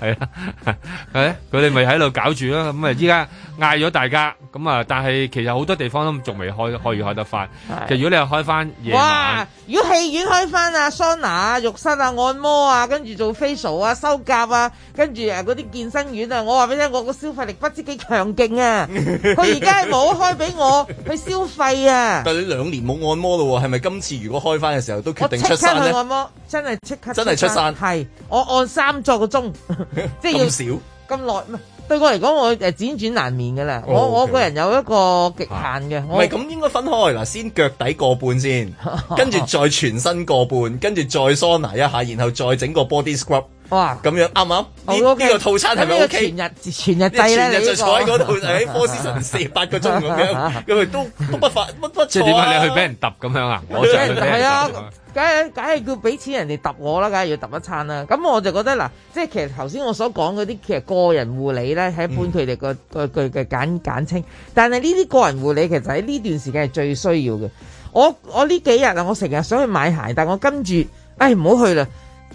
B: 係啊，
A: 誒、啊，佢哋咪喺度搞住咯，咁咪依家。 嗌咗大家咁啊！但係其實好多地方都仲未開，可以開得翻。的其實如果你又開翻夜晚哇，
B: 如果戲院開翻啊，桑拿啊、浴室啊、按摩啊，跟住做 facial 啊、修甲啊，跟住誒嗰啲健身院啊，我話俾你聽，我個消費力不知幾強勁啊！佢而家冇開俾我去消費啊！ 但
C: 係你兩年冇按摩咯，係咪今次如果開翻嘅時候
B: 都決定出山按摩？真係即刻出真係出山係我按三作個鐘， 即係是 要少咁耐對我嚟講，我誒輾、呃、轉難眠嘅啦。Oh, okay. 我我個人有一個極限嘅，唔係咁
C: 應該分開嗱，先腳底過半先，跟住 再全身過半，跟住再桑拿一下，然後再整個 body scrub。哇，咁樣啱唔啱？呢呢、哦
B: okay, 個套餐係咪？屋企？全日、啊、這個 全日制啦，呢個就坐喺嗰度喺波斯神四
A: 八個鐘咁樣，佢咪都都不法不不。即係點解你去俾人揼咁樣啊？係啊，梗
B: 係梗係叫俾錢人哋揼我啦，梗係要揼一餐啦。咁我就覺得嗱，即係其實頭先我所講嗰啲，其實個人護理咧係一般佢哋個個嘅簡簡稱。但係呢啲個人護理其實喺呢段時間係最需要嘅。我我呢幾日啊，我成日想去買鞋，但係我跟住，哎唔好去啦。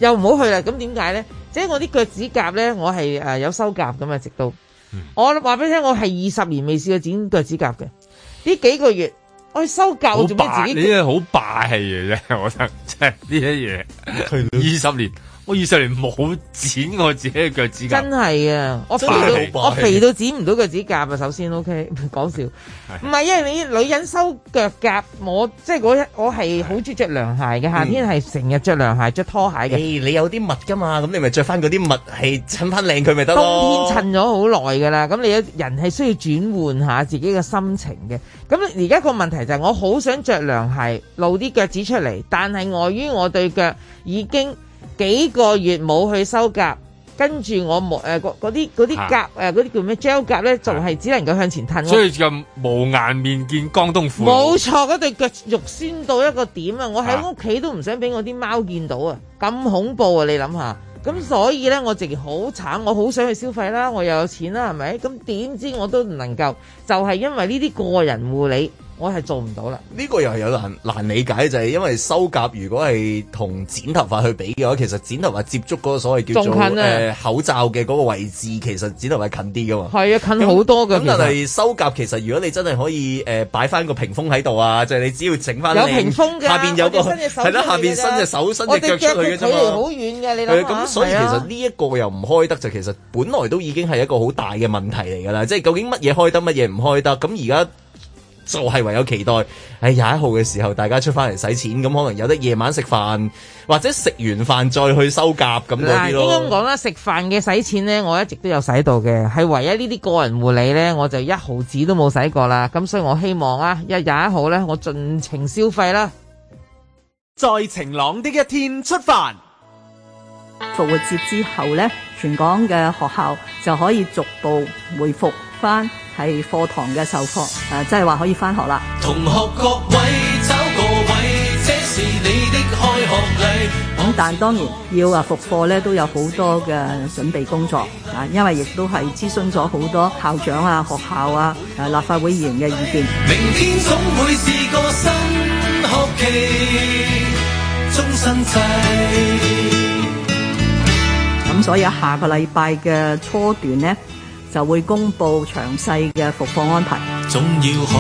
B: 又唔好去啦，咁點解咧？即係我啲腳趾甲咧，我係誒有修甲咁啊，直到、嗯、我話俾你聽，我係二十年未試過剪腳趾甲嘅，呢幾個月我去修舊做自己。呢啲
A: 好霸氣嘅啫，我覺得，即係呢一嘢二十年。 我遇上嚟冇剪我自己嘅腳趾甲，真係啊！我肥到的我肥到
B: 剪唔到腳趾甲啊！首先，OK，講笑，唔係的因為你女人收腳甲，我即係我一我係好中意着涼鞋嘅，夏天係成日着涼鞋、着拖鞋嘅、嗯哎。你有啲襪噶嘛？咁你咪着翻嗰啲襪，係襯翻靚佢咪得咯。冬天襯咗好耐噶啦，咁你人係需要轉換下自己嘅心情嘅。咁而家個問題就係、是、我好想着涼鞋露啲腳趾出嚟，但係礙於我對腳已經。幾個月冇去修甲，跟住我冇誒嗰啲嗰啲甲誒嗰啲叫咩 gel 甲咧，就係、啊、只能夠向前褪、啊。所以
A: 就冇顏面見江東父老。冇錯，
B: 嗰對腳肉酸到一個點啊！我喺屋企都唔想俾我啲貓見到啊！咁恐怖啊！你諗下，咁所以咧我直情好慘，我好想去消費啦，我又有錢啦，係咪？咁點知我都唔能夠，就係、是、因為呢啲個人護理。我係做唔到啦。
C: 呢個又係有難難理解，就係因為收甲如果係同剪頭髮去比嘅話，其實剪頭髮接觸嗰個所謂叫做口罩嘅嗰個位置，其實剪頭髮近啲噶嘛。係啊，近好多噶。咁但係收甲其實如果你真係可以誒擺翻個屏風喺度啊，就係你只要整翻有屏風嘅下邊有個係啦，下邊伸隻手伸隻腳出去嘅啫嘛。好遠嘅，
B: 你諗下，咁所以其實
C: 呢一個又唔開得，就其實本來都已經係一個好大嘅問題嚟噶啦。即係究竟乜嘢開得，乜嘢唔開得？咁而家。就係唯有期待，喺廿一號嘅時候，大家出翻嚟使錢，咁、嗯、可能有得夜晚食飯，或者食完飯再去收夾咁樣
B: 講啦，食飯嘅使錢呢，我一直都有使到嘅，係唯一呢啲個人護理呢，我就一毫子都冇使過啦。咁所以我希望啊，一廿一號咧，我盡情消費啦，在晴朗的一天出發。
F: 復活節之後呢，全港嘅學校就可以逐步回復翻。係課堂嘅授課，誒、啊，即係話可以翻學啦。同
D: 學各位，找個位，這是你的開學
F: 禮。咁、嗯、但係當然要啊復課咧，都有好多嘅準備工作啊，因為亦都係諮詢咗好多校長啊、學校啊、誒、啊、立法會議員嘅意見。
D: 明天總會是個新學期，終身制。
F: 咁、嗯、所以、啊、下個禮拜嘅初段呢。就會公布詳細嘅復課安排。總
C: 要學，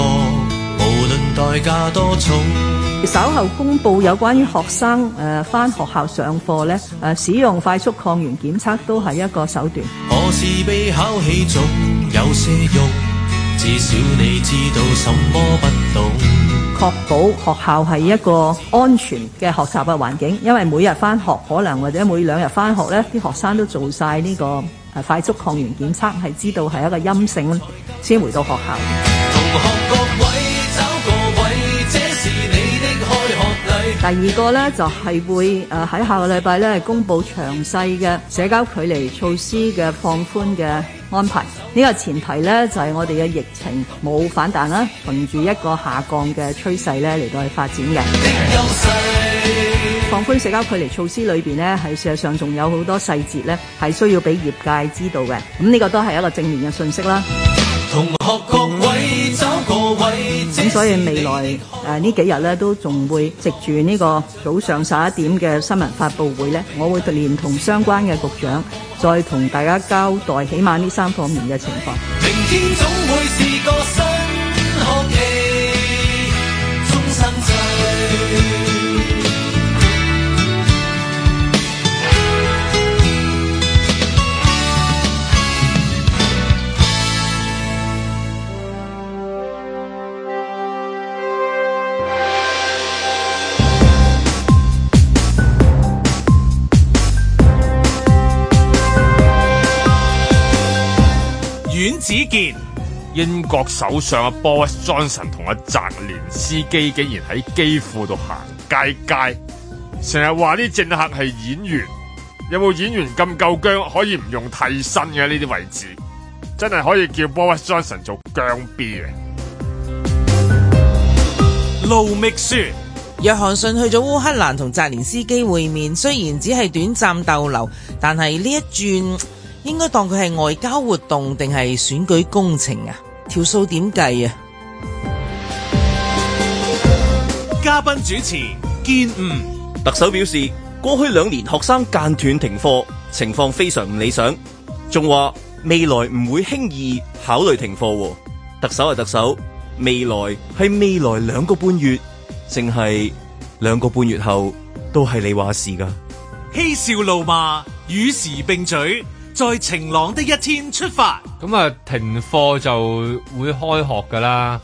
C: 無論代價多重。
F: 稍後公布有關於學生誒返、呃、學校上課咧，誒、呃、使用快速抗原檢測都係一個手段。
C: 何時被考起總有些用，至少你知道什麼不懂。
F: 確保學校係一個安全嘅學習嘅環境，因為每日返學可能或者每兩日返學呢啲學生都做晒呢、這個。誒、啊、快速抗原檢測係知道係一個陰性，先回到學校。第二個咧就係、是、會誒喺、呃、下個禮拜咧公佈詳細嘅社交距離措施嘅放寬嘅安排。呢、這個前提咧就係、是、我哋嘅疫情冇反彈啦，循、啊、住一個下降嘅趨勢咧嚟到去發展嘅。嗯嗯嗯放寬社交距離措施裏邊呢，係事實上仲有好多細節呢，係需要俾業界知道嘅。咁呢個都係一個正面嘅信息啦。咁所以未來誒呢、呃、幾日呢，都仲會藉住呢個早上十一點嘅新聞發佈會呢，我會連同相關嘅局長再同大家交代起碼呢三方面嘅情況。
A: 阮子健，英國首相阿 Boris Johnson 同阿澤連斯基竟然喺基輔度行街街，成日話啲政客係演員，有冇演員咁夠薑？可以唔用替身嘅呢啲位置？真係可以叫 Boris Johnson 做薑 B 啊！路易斯約翰遜去咗烏克蘭
B: 同澤連斯基會面，雖然只係短暫逗留，但係呢一轉。應該當佢係外交活動定係選舉工程啊？條數點計啊？嘉賓主持健吾，
C: 特首表示，過去兩年學生間斷停課情況非常唔理想，仲話未來唔會輕易考慮停課。特首係、啊、特首，未來係未來兩個半月，淨係兩個半月後
A: 都係你話事噶。
C: 嬉笑怒罵，與時並嘴。在
A: 晴朗的一天出發。咁啊，停課就會開學噶啦。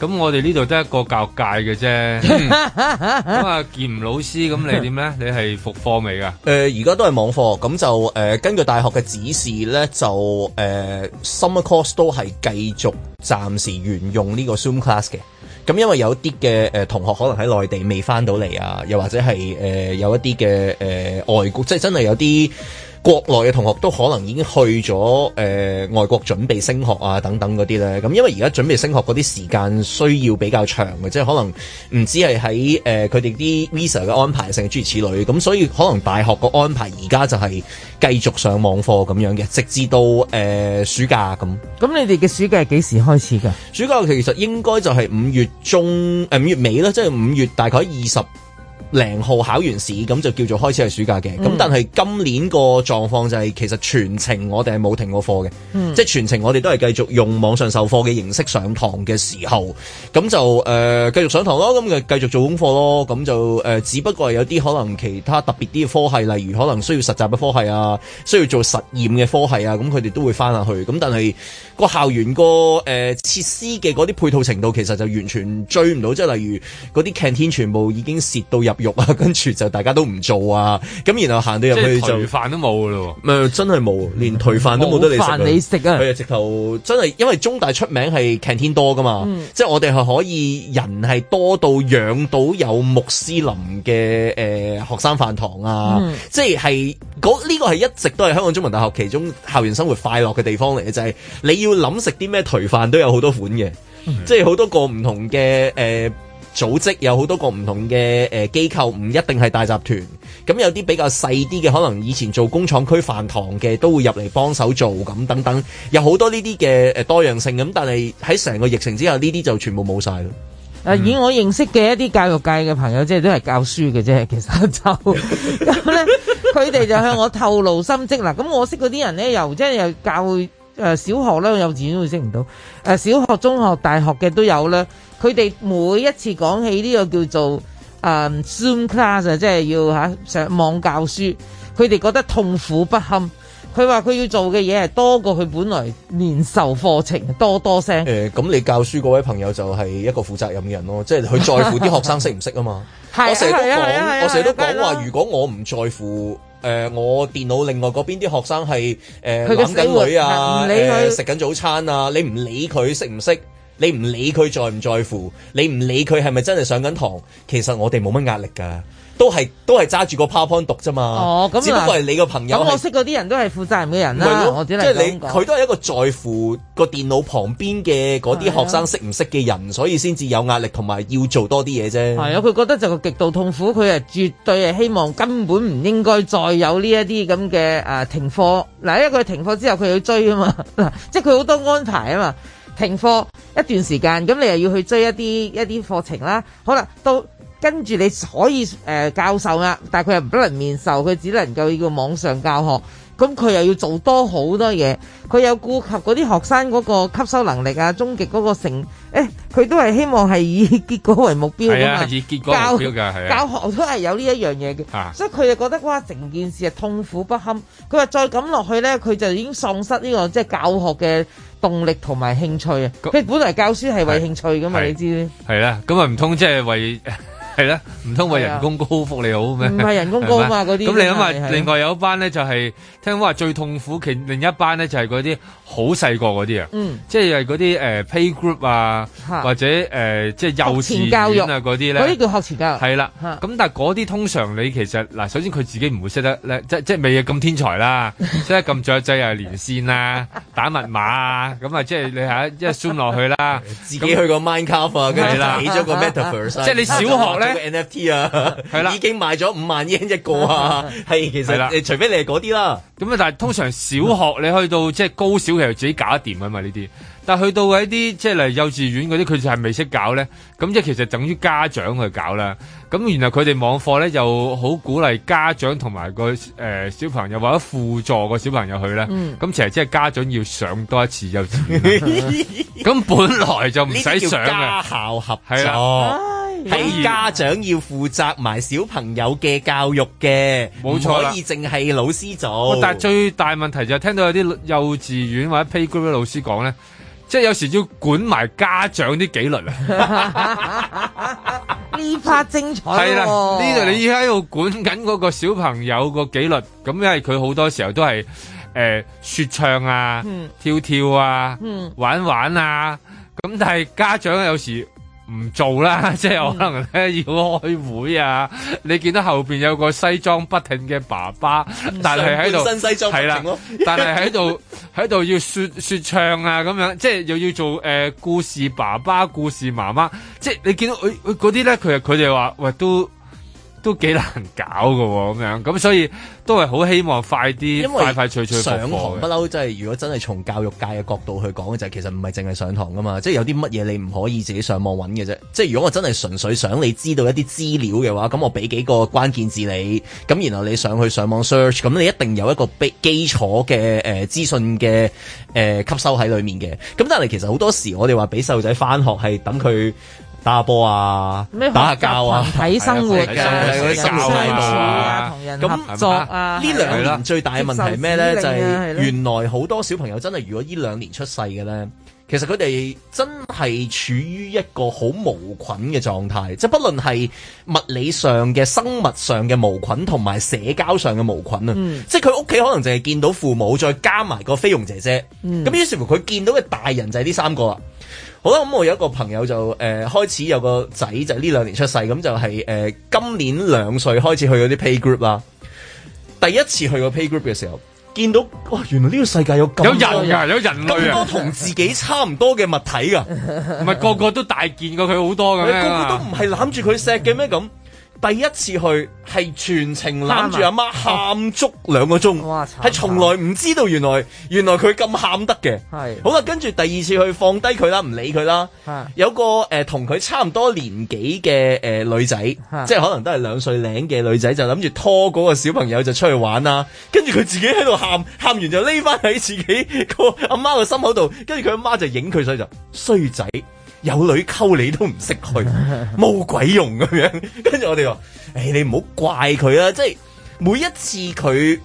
A: 咁我哋呢度得一個教界嘅啫。咁、 嗯、啊，劍老師，咁你點咧？你係復課未噶？
C: 誒、呃，而家都係網課。咁就誒、呃，根據大學嘅指示咧，就誒、呃、summer course 都係繼續暫時沿用呢個 Zoom class 嘅。咁因為有啲嘅誒同學可能喺內地未返到嚟啊，又或者係誒、呃、有一啲嘅誒外國，即係真係有啲。國內嘅同學都可能已經去咗誒、呃、外國準備升學啊，等等嗰啲呢。咁因為而家準備升學嗰啲時間需要比較長嘅，即係可能唔止係喺誒佢哋啲 visa 嘅安排上諸如此類。咁所以可能大學個安排而家就係繼續上網課咁樣嘅，直至到誒、呃、暑假咁。
B: 咁你哋嘅暑假係幾時開始
C: 㗎？暑假其實應該就係五月中誒五月尾啦，即係五月大概二十。零號考完試，咁就叫做開始係暑假嘅。咁、嗯、但係今年個狀況就係、是，其實全程我哋係冇停過課嘅，嗯、即係全程我哋都係繼續用網上授課嘅形式上堂嘅時候，咁就誒、呃、繼續上堂咯，咁就繼續做功課咯。咁就誒、呃，只不過係有啲可能其他特別啲嘅科系，例如可能需要實習嘅科系啊，需要做實驗嘅科系啊，咁佢哋都會翻下去。咁但係個校園個誒、呃、設施嘅嗰啲配套程度，其實就完全追唔到，即係例如嗰啲 canteen 全部已經蝕到入肉啊，跟住就大家都唔做啊，咁然後行到入去就
A: 飯都冇嘅
C: 咯，咪、嗯、真係冇，連枱飯都冇得你食啊！佢啊，直頭真係因為中大出名係 canteen 多噶嘛，嗯、即係我哋係可以人係多到養到有穆斯林嘅誒、呃、學生飯堂啊，嗯、即係係嗰呢個係、這個、一直都係香港中文大學其中校園生活快樂嘅地方嚟嘅，就係、是、你要諗食啲咩枱飯都有好多款嘅，嗯、
G: 即係好多
C: 個唔同嘅誒。呃組織有好多個唔同嘅誒機構，唔一定係大集團。咁有啲比較細啲嘅，可能以前做工廠區飯堂嘅都會入嚟幫手做咁等等，有好多呢啲嘅誒多樣性咁。但係喺成個疫情之後，呢啲就
B: 全部冇晒啦。誒、嗯，以我認識嘅一啲教育界嘅朋友，即係都係教書嘅啫。其實就咁咧，佢 哋 就向我透露心跡啦。咁我識嗰啲人咧，又即係又教誒小學啦，學幼稚園都會識唔到。誒，小學、中學、大學嘅都有啦。佢哋每一次講起呢個叫做啊、um, Zoom class 啊，即係要吓上網教書，佢哋覺得痛苦不堪。佢話佢要做嘅嘢係多過佢本來面授課程多多聲。誒、欸，
C: 咁你教書嗰位朋友就係一個負責任嘅人咯，即係佢在乎啲學生識唔識啊嘛。
B: 我成日都講，啊啊啊啊、我成日
C: 都講話，如果我唔在乎誒、呃，我電腦另外嗰邊啲學生係誒玩緊女啊，你、呃、食緊早餐啊，你唔理佢識唔識？你唔理佢在唔在乎，你唔理佢係咪真係上緊堂，其實我哋冇乜壓力㗎，都係都係揸住個 PowerPoint 讀啫嘛。哦，咁、嗯、只不過係你個朋友。咁、嗯嗯、我識
B: 嗰啲人都係負責任嘅人啦。唔係咯，即係你佢、嗯、都係一
C: 個在乎個電腦旁邊嘅嗰啲學生識唔識嘅人，對啊、所以先至有壓力同埋要做多啲嘢啫。係
B: 啊，佢覺得就個極度痛苦，佢係絕對係希望根本唔應該再有呢一啲咁嘅啊停課。嗱，因為佢停課之後佢要追啊嘛，即係佢好多安排啊嘛。停課一段時間，咁你又要去追一啲一啲課程啦。好啦，到跟住你可以誒、呃、教授啦，但係佢又唔不能面授，佢只能夠要網上教學。咁佢又要做多好多嘢，佢又顧及嗰啲學生嗰個吸收能力啊，終極嗰個成誒，佢、欸、都係希望係以結果為目標噶嘛。啊、以結果教教學都係有呢一樣嘢嘅，啊、所以佢就覺得哇，成件事係痛苦不堪。佢話再咁落去呢，佢就已經喪失呢、這個即係教學嘅。動力同埋興趣啊！佢係那 本來教書係為興趣噶嘛，是你知？
A: 係啦，咁啊唔通即係為？ 係啦，唔通話人工高福利好咩？唔係人工高啊嘛，嗰啲咁你諗下，另外有一班咧就係聽講話最痛苦，其另一班咧就係嗰啲好細個嗰啲啊，即係嗰啲誒 playgroup 啊，或者誒即係幼稚教育啊嗰啲咧，嗰啲叫學前教育係啦。咁但係嗰啲通常你其實嗱，首先佢自己唔會識得咧，即即未嘅咁天才啦，識得撳掣又連線啦，打密碼啊，咁啊即係你喺一 Zoom 落去啦，自己去個 Minecraft 跟住起咗個 metaverse 即係你小學。NFT 啊，係啦，已經賣咗
C: 五萬英一個啊，
A: 係其實誒，除非你係嗰啲啦。咁啊，但係通常小學你去到即係高小，其實自己搞得掂噶嘛呢啲。但係去到一啲即係例如幼稚園嗰啲，佢就係未識搞咧。咁即係其實等於家長去搞啦。咁然後佢哋網課咧又好鼓勵家長同埋個誒小朋友或者輔助個小朋友去咧。咁其實即係家長要上多一次幼稚園。咁本來就唔使上
D: 嘅。呢條
C: 家校合作。係家長要負責埋小朋友嘅教
A: 育嘅，冇錯啦。可以淨係老師做，但係最大問題就係聽到有啲幼稚園或者 playgroup 嘅老師講咧，即係有時要管埋家長啲紀律啊！
B: 呢 part 精彩喎。係啦，呢度你
A: 而家喺度管緊嗰個小朋友個紀律，咁因為佢好多時候都係誒説唱啊、跳跳啊、玩玩啊，咁但係家長有時。唔做啦，即係可能咧要開會啊！嗯、你見到後邊有個西裝不停嘅爸爸，但係喺度新西裝係啦， 但係喺度喺度要說說唱啊咁樣，即係又要做誒、呃、故事爸爸、故事媽媽，即係你見到佢嗰啲咧，佢佢哋話喂都。都幾難搞㗎喎，咁樣咁所以都係好希望快啲快快脆脆上堂，不
C: 嬲。即係如果真係從教育界嘅角度去講嘅就係、是，其實唔係淨係上堂噶嘛，即係有啲乜嘢你唔可以自己上網揾嘅啫。即係如果我真係純粹想你知道一啲資料嘅話，咁我俾幾個關鍵字你，咁然後你上去上網 search，咁你一定有一個基基礎嘅誒、呃、資訊嘅誒、呃、吸收喺裡面嘅。咁但係其實好多時我哋話俾細路仔返學係等佢。嗯打波啊，麼打下交啊，群體
B: 生活嘅、啊，同、啊、人相處啊，同人合作啊。呢那、啊、兩年最大嘅問題咩咧？啊、就係
C: 原來好多小朋友真係如果呢兩年出世嘅咧，其實佢哋真係處於一個好無菌嘅狀態，即係不論係物理上嘅、生物上嘅無菌，同埋社交上嘅無菌啊。嗯、即係佢屋企可能淨係見到父母，再加埋個菲傭姐姐，咁、嗯、於是乎佢見到嘅大人就係呢三個啦。好啦，咁、嗯、我有一個朋友就誒、呃、開始有個仔就呢、是、兩年出世，咁就係、是、誒、呃、今年兩歲開始去嗰啲 play group 啦。第一次去個 play group 嘅時候，見到哇，原來呢個世界
D: 有咁多人噶、啊，有人類、啊、多同
C: 自己差唔多嘅物體噶、啊，唔係 個個都大件過佢好多嘅咩、哎？個個都唔係攬住佢錫嘅咩？咁？第一次去係全程攬住阿媽喊足兩個鐘，係從來唔知道原來原來佢咁喊得嘅。係的好啦，跟住第二次去放低佢啦，唔理佢啦。的有個誒同佢差唔多年紀嘅誒、呃、女仔，的即係可能都係兩歲零嘅女仔，就諗住拖嗰個小朋友就出去玩啦。跟住佢自己喺度喊，喊完就匿返喺自己個阿媽個心口度。跟住佢阿媽就影佢，所以就衰仔。有女溝你都唔識去，冇鬼用咁樣。跟 住我哋話：誒、哎，你唔好怪佢啦、啊。即係每一次佢，誒、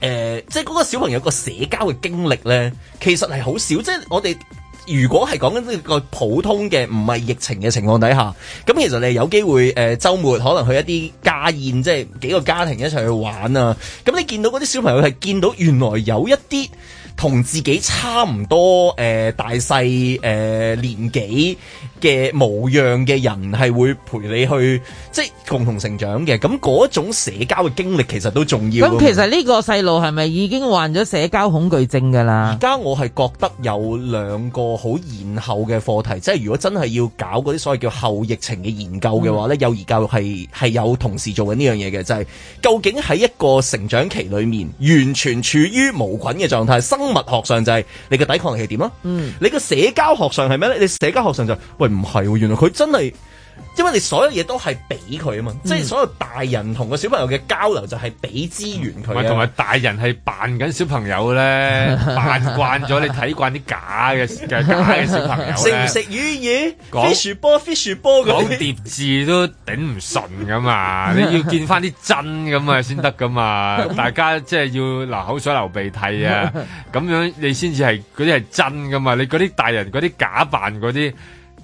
C: 呃，即係嗰個小朋友個社交嘅經歷咧，其實係好少。即係我哋如果係講緊呢個普通嘅，唔係疫情嘅情況底下，咁其實你有機會誒、呃，週末可能去一啲家宴，即係幾個家庭一齊去玩啊。咁你見到嗰啲小朋友係見到原來有一啲。同自己差唔多，誒、呃，大細誒、呃、年紀。嘅模樣嘅人係會陪你去，即係共同成長嘅。咁嗰
B: 種社交嘅經歷其實都重要。咁其實呢個細路係咪已經患咗社交恐懼症㗎啦？而
C: 家我係覺得有兩個好延後嘅課題，即係如果真係要搞嗰啲所謂叫後疫情嘅研究嘅話呢、嗯、幼兒教育係係有同時做緊呢樣嘢嘅，就係、是、究竟喺一個成長期裡面，完全處於無菌嘅狀態，生物學上就係你嘅抵抗力係點咯？嗯，你嘅社交學上係咩咧？你社交學上就是、喂。唔係，原來佢真係，因為你所有嘢都係俾佢啊嘛，即係、嗯、所有大人同個
A: 小朋友嘅交流就係俾資源佢，同埋大人係扮緊小朋友咧，扮慣咗你睇慣啲假嘅假嘅小朋友，食唔食
C: 魚魚說？fish 波 fish 波，講疊
A: 字都頂唔順噶嘛， 你要見翻啲真咁啊先得噶嘛， 大家即係要流口水流鼻涕啊，咁 樣你先至係嗰啲係真噶嘛，你嗰啲大人嗰啲假扮嗰啲。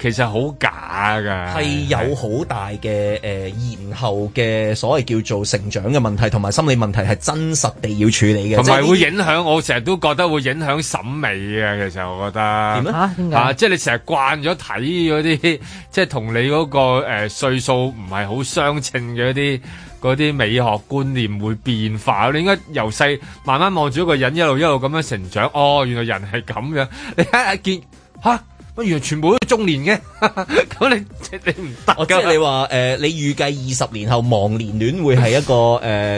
A: 其實好假噶，係有
C: 好大嘅誒，然的、呃、後嘅所謂叫做成長嘅問題，同埋心理問題係真實地要處理嘅，同埋會
A: 影響些我成日都覺得會影響審美嘅。其實我覺得點啊，即係你成日慣咗睇嗰啲，即係同你嗰、嗰個誒歲數唔係好相稱嘅嗰啲嗰啲美學觀念會變化。你應該由細慢慢望住一個人一路一路咁樣成長。哦，原來人係咁樣。你一下見吓。啊啊不如全部都中年嘅，
C: 咁
D: 你你唔
C: 得、呃呃。 即係你話誒，你預計二十年後忘年戀會係一個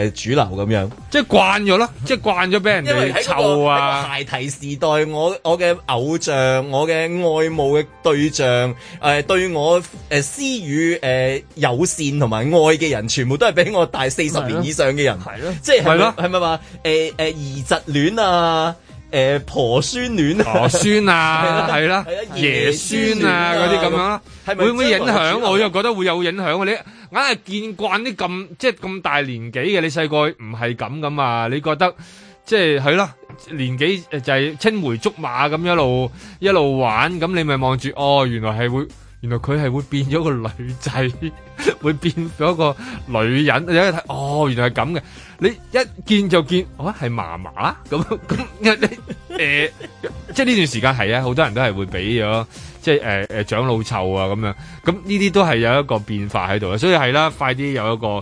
C: 誒主流咁樣？即係慣咗咯，即係慣咗俾人
D: 哋臭啊！
C: 孩、那個、提時代，我我嘅偶像，我嘅愛慕嘅對象，誒、呃，對我誒、呃、私語誒、呃、友善同埋愛嘅人，全部都係比我大四十年以上嘅人。係咯，即係係咯，係咪話？誒誒，二侄戀啊！誒婆孫戀啊，婆孫啊，係啦，爺孫啊嗰啲咁樣咯，係咪會唔會影響？我又
A: 覺得會有影響啊！你硬係見慣啲咁即係咁大年紀嘅。你細個唔係咁咁啊？你覺得即係係咯，年紀就係青梅竹馬咁一路一路玩，咁你咪望住哦，原來係會。原來佢係會變咗個女仔，會變咗個女人。你有嘢睇，哦，原來係咁嘅。你一見就見，哦，係嫲嫲咁咁。你誒、呃，即係呢段時間係啊，好多人都係會俾咗即係誒誒長老臭啊咁樣。咁呢啲都係有一個變化喺度嘅，所以係啦，快啲有一個。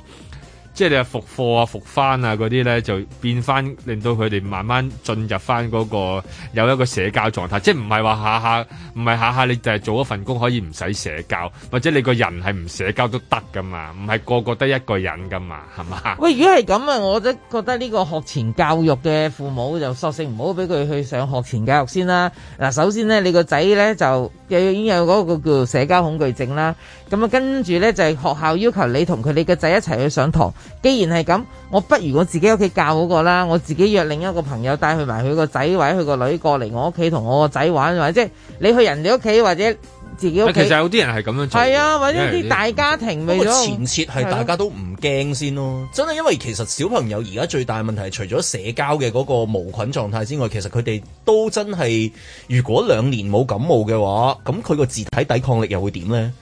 A: 即係你啊復課啊、復翻啊嗰啲咧，就變翻令到佢哋慢慢進入翻、那、嗰個有一個社交狀態。即係唔係話下下，唔係下下你就係做一份工可以唔使社交，或者你個人係唔社交都得噶嘛？唔係個個得一個人噶嘛？係嘛？
B: 喂，如果係咁啊，我都覺得呢個學前教育嘅父母就索性唔好俾佢去上學前教育先啦。嗱，首先咧，你個仔咧就已經有嗰個叫社交恐懼症啦。咁啊，跟住咧就係、是、學校要求你同佢哋嘅仔一齊去上堂。既然係咁，我不如我自己屋企教嗰個啦。我自己約另一個朋友帶他去埋佢個仔位，佢個女過嚟我屋企同我個仔玩，或者你去人哋屋企或者自己屋企。其實有啲
C: 人係咁樣、啊、樣做。係啊，或者啲大
B: 家庭咪咗。前設係大家都
C: 唔驚先咯。是啊、真係因為其實小朋友而家最大問題除咗社交嘅嗰個無菌狀態之外，其實佢哋都真係如果兩年冇感冒嘅話，咁佢個自體抵抗力又會點呢？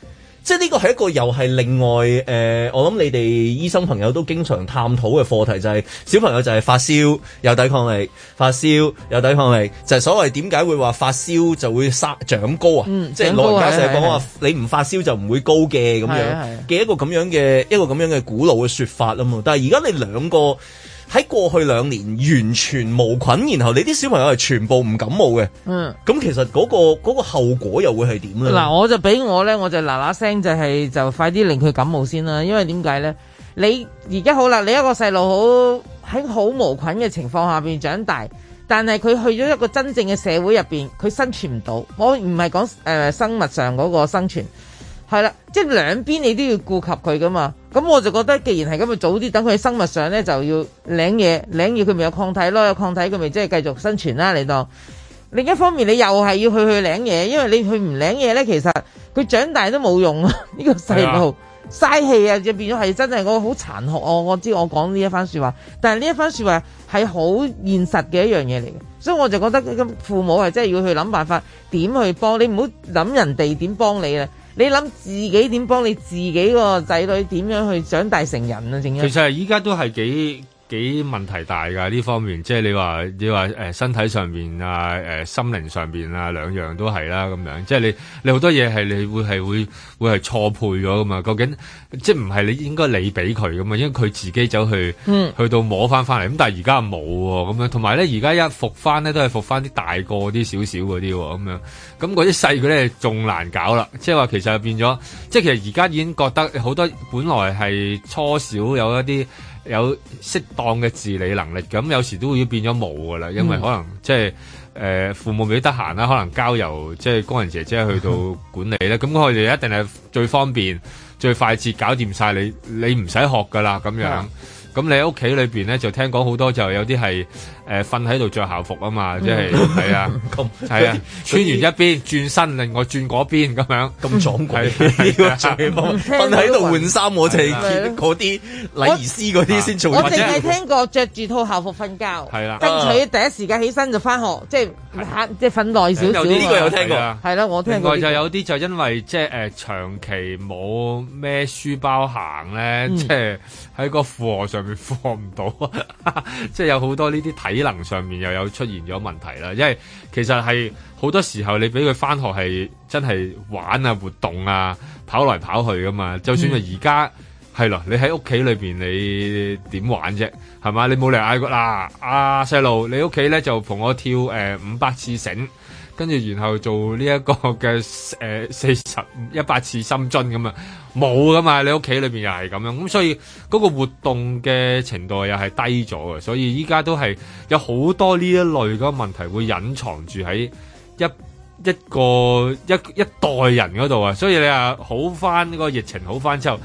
C: 即係呢個係一個又係另外誒、呃，我諗你哋醫生朋友都經常探討嘅課題、就是，就係小朋友就係發燒有抵抗力，發燒有抵抗力就係、是、所謂點解會話發燒就會生長高啊？嗯、
D: 即係老人家成日講話
C: 你唔發燒就唔會高嘅咁樣嘅是一個咁樣嘅一個咁樣嘅古老嘅說法啊嘛。但係而家你兩個。喺過去兩年完全無菌，然後你啲小朋友係全部唔感冒嘅。嗯，咁其實嗰個嗰個後果又會係點呢？嗱、嗯，
B: 我就俾我呢，我就嗱嗱聲就係就快啲令佢感冒先啦。因為點解呢？你而家好啦，你一個細路好喺好無菌嘅情況下邊長大，但係佢去咗一個真正嘅社會入邊，佢生存唔到。我唔係講誒生物上嗰個生存。係啦，即係兩邊你都要顧及佢噶嘛。咁我就覺得，既然係咁，就早啲等佢生物上咧，就要領嘢，領嘢佢咪有抗體咯。有抗體佢咪即係繼續生存啦。你當另一方面，你又係要去去領嘢，因為你去唔領嘢咧，其實佢長大都冇用啊。呢、這個細路，嘥氣啊，就變咗係真係嗰個好殘酷啊。我知我講呢一番說話，但係呢一番說話係好現實嘅一樣嘢嚟嘅，所以我就覺得父母係真係要去諗辦法點去幫你，唔好諗人哋點幫你啊。你諗自己點幫你自己個仔女點樣去長大成人啊？點樣，其實係依
A: 家都係幾。幾問題大噶呢方面，即係你話你話誒、呃、身體上面啊，誒、呃、心靈上面啊，兩樣都係啦咁樣。即係你你好多嘢係你會係會會係錯配咗噶嘛？究竟即係唔係你應該你俾佢噶嘛？因為佢自己走去去到摸翻翻嚟，咁但係而家冇喎咁樣。同埋咧，而家一復翻咧都係復翻啲大個啲少少嗰啲咁樣。咁嗰啲細佢咧仲難搞啦。即係話其實變咗，即係其實而家已經覺得好多本來係初小有一啲。有適當嘅自理能力，咁有時都會變咗冇噶啦，因為可能即係誒父母未必得閒啦，可能交由即係、就是、工人姐姐去到管理咧，咁佢哋一定係最方便、最快捷搞掂晒你，你唔使學噶啦咁樣。咁、嗯、你喺屋企裏邊咧，就聽講好多就有啲係。誒瞓喺度着校服啊嘛，即係係啊，咁，係啊，穿完一邊轉身另外轉嗰邊咁樣，咁壯鬼。瞓喺度換衫，我就係見嗰啲禮儀師嗰啲先做。我淨係聽
B: 過着住套校服瞓覺，係啦，跟住第一時間起身就翻學，即係即係瞓耐少少。呢個有聽過。係咯，我聽過。就
A: 有啲就因為即係誒長期冇咩書包行咧，即係喺個負荷上面放唔到，即係有好多呢啲體。體能上面又有出現咗問題啦，因為其實係好多時候你俾佢翻學係真係玩啊活動啊跑來跑去噶嘛。就算佢而家係咯，你喺屋企裏邊你點玩啫？係嘛，你冇理由嗌佢啦，啊細路，啊，你屋企咧就同我跳誒五百次繩，跟住然後做呢、這、一個嘅誒四十一百次深蹲咁啊。冇噶嘛，你屋企裏邊又係咁樣，咁、嗯、所以嗰個活動嘅程度又係低咗嘅，所以依家都係有好多呢一類嘅問題會隱藏住喺一一個一一代人嗰度啊，所以你話好翻個疫情好翻之後。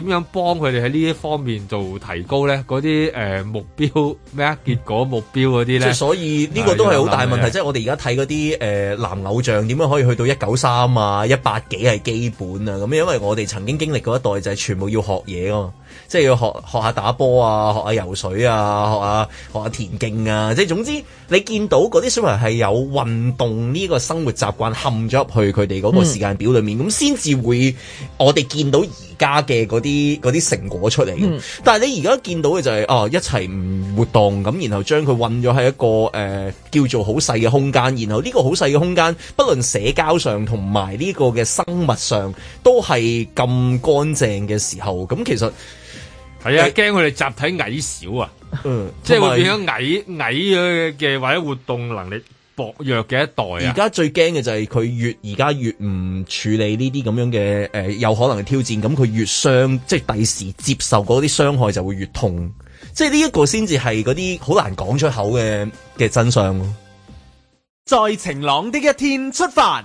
A: 點樣幫佢哋喺呢一方面做提高咧？嗰啲誒目標咩啊？結果目標嗰啲咧？即係所以呢個都係好大
C: 問題，即係我哋而家睇嗰啲誒男偶像點樣可以去到一九三啊一百幾係基本啊咁，因為我哋曾經經歷過一代就係全部要學嘢啊嘛。即係要學學下打波啊，學下游水啊，學下學下田徑啊，即係總之你見到嗰啲小朋友係有運動呢個生活習慣冚咗入去佢哋嗰個時間表裏面，咁先至會我哋見到而家嘅嗰啲啲成果出嚟。嗯、但係你而家見到嘅就係、是、哦、啊、一齊唔活動，咁然後將佢困咗喺一個誒、呃、叫做好細嘅空間，然後呢個好細嘅空間不論社交上同埋呢個嘅生物上都係咁乾淨嘅時候，咁其實。係啊，驚佢哋集
A: 體矮小啊。嗯、即係會變咗矮矮嘅或者活動能力薄弱嘅一代啊。而
C: 家最驚嘅就係佢越而家越唔處理呢啲咁樣嘅誒、呃，有可能嘅挑戰，咁佢越傷，即係第時接受嗰啲傷害就會越痛，即係呢一個先至係嗰啲好難講出口嘅嘅真相咯、啊。在晴朗的一天出發。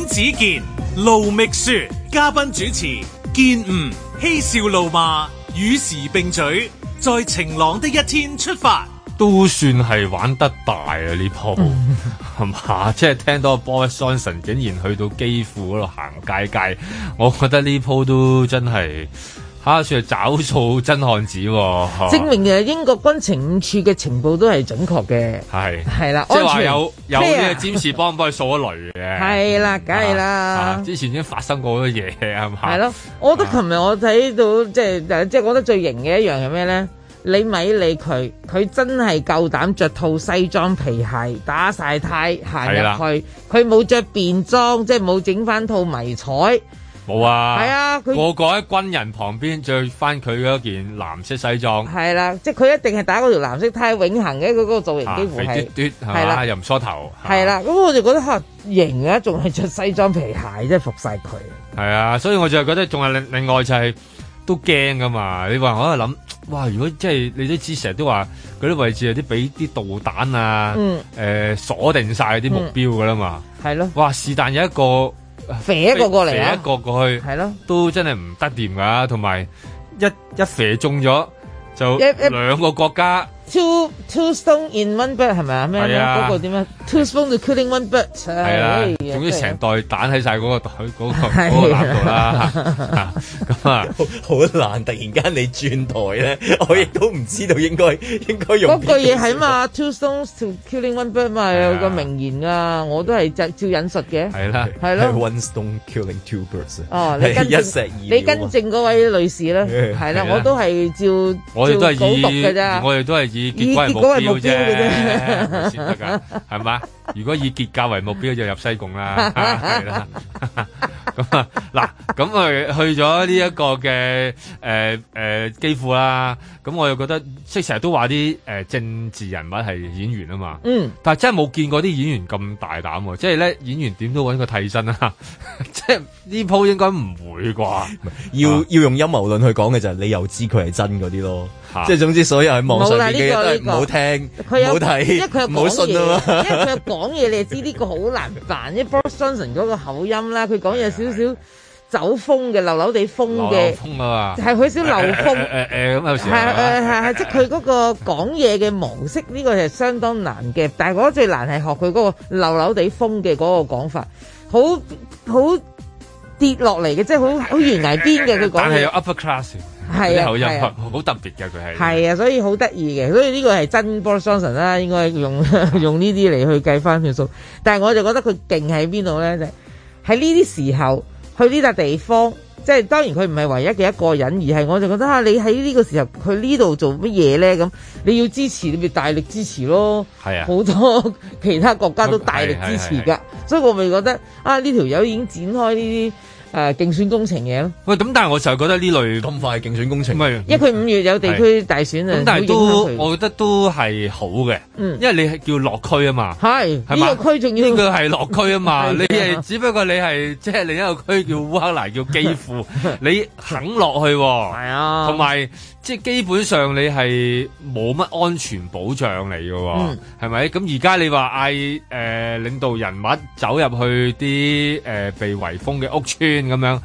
C: 尹子健、盧覓雪，嘉賓主持健吾嬉笑怒罵，與時並舉，在晴朗的一天出發，
A: 都算係玩得大啊！呢鋪係嘛？即係聽到 Boris Johnson 竟然去到基輔度行街街，我覺得呢鋪都真係。哈士、啊、係找數真漢子、哦，證
B: 明誒、啊、英國軍情五處嘅情報都係準確
A: 嘅。係係啦，即係話有有咩占士幫唔幫佢掃一雷嘅？係啦
B: 梗係啦。之
A: 前已經發生過好多嘢，係嘛？係咯，
B: 我覺得琴日我睇到、啊、即係即係，我覺得最型嘅一樣係咩咧？你咪理佢，佢真係夠膽着套西裝皮鞋打晒呔，行入去，佢冇着便裝，即係冇整翻套迷彩。
A: 冇啊！係啊，個個喺軍人旁邊着翻佢嗰件藍色西裝。
B: 係啦、啊，即係佢一定係打嗰條藍色呔永恒嘅，佢嗰個造型幾乎係係啦，又
A: 唔梳頭。
B: 係啦，咁我就覺得吓型啊，仲係着西裝皮鞋，真係服晒佢。
A: 係啊，所以我就係覺得仲係另另外就係、是、都驚噶嘛。你話我喺度諗，哇！如果即係你知都知，成日都話嗰啲位置有啲俾啲導彈啊，誒、呃、鎖定晒啲目標噶啦嘛。係咯、啊，哇！是但有一個。
B: 射一個過嚟啊！射一
A: 個過去，係咯的，都真係唔得掂噶。同埋，一一射中咗，就一兩個國家。
B: Two two stone in one bird 係咪啊？咩嗰個點啊？Two stone to killing one bird 係啦。總之成
A: 袋蛋喺晒嗰個袋嗰個嗰個度啦咁啊，好難突然
C: 間你轉台咧，我亦都唔知道應該應該用。嗰句嘢係嘛
B: ？Two stone to killing one bird 咪有個名言啊！我都係照引述嘅。係啦，係咯。
A: One stone killing two birds。哦，你跟正你跟
B: 正嗰位女士咧，係啦，我都係照照古讀嘅啫，
A: 我哋都係。以結婚目標啫，先 得噶，係嘛？如果以結嫁為目標，就入西貢啦，係啦。咁啊，嗱，咁啊，去咗呢一個嘅，誒誒，基輔啦。咁我又覺得，即係成日都話啲誒政治人物係演員啊嘛。嗯。但係真係冇見過啲演員咁大膽喎，即係咧演員點都搵個替身啦、啊。即係呢鋪應該唔會啩？要嗎要用陰謀論去講嘅就係、是、你
C: 又知佢係真嗰啲咯。即係總之所有喺網上邊嘅都唔好聽，唔好睇，唔好信啊！因為佢
B: 講嘢，你哋知呢個好難辦。因為 Boris Johnson 嗰個口音啦，佢講嘢有少少走風嘅，漏漏地風嘅，係佢少漏風。
D: 誒誒咁有少
B: 少係係係即係佢嗰個講嘢嘅模式，呢個係相當難嘅。但係我最難係學佢嗰個漏漏地風嘅嗰個講法，好好跌落嚟嘅，即係好好懸崖邊嘅佢講。但係有
A: upper class。係啊，好、 嗯、 特別嘅
B: 佢係。係啊，所以好得意嘅，所以呢個係真 Boris Johnson 啦，啊，應該用用呢啲嚟去計翻條數。但係我就覺得佢勁喺邊度咧？就喺呢啲時候去呢笪地方，即、就、係、是、當然佢唔係唯一嘅一個人，而係我就覺得啊，你喺呢個時候去呢度做乜嘢咧？咁你要支持，你咪大力支持咯。
A: 係啊的，好
B: 多其他國家都大力支持㗎，所以我咪覺得啊，呢條友已經展開呢啲。誒，競選工程嘢咯。
A: 喂，咁但係我成日覺得呢類咁快係競選工程，唔係因為
B: 佢五月有地區大選啊。咁但係都，我覺
A: 得都係好嘅。因為你係叫落區啊嘛。係，呢個區仲要。應該係落區啊嘛，你係只不過你係即係另一個區叫烏克蘭叫基輔，你肯落去。係啊。同埋，即係基本上你係冇乜安全保障嚟嘅，係咪？咁而家你話嗌誒領導人物走入去啲誒被圍封嘅屋邨。咁樣，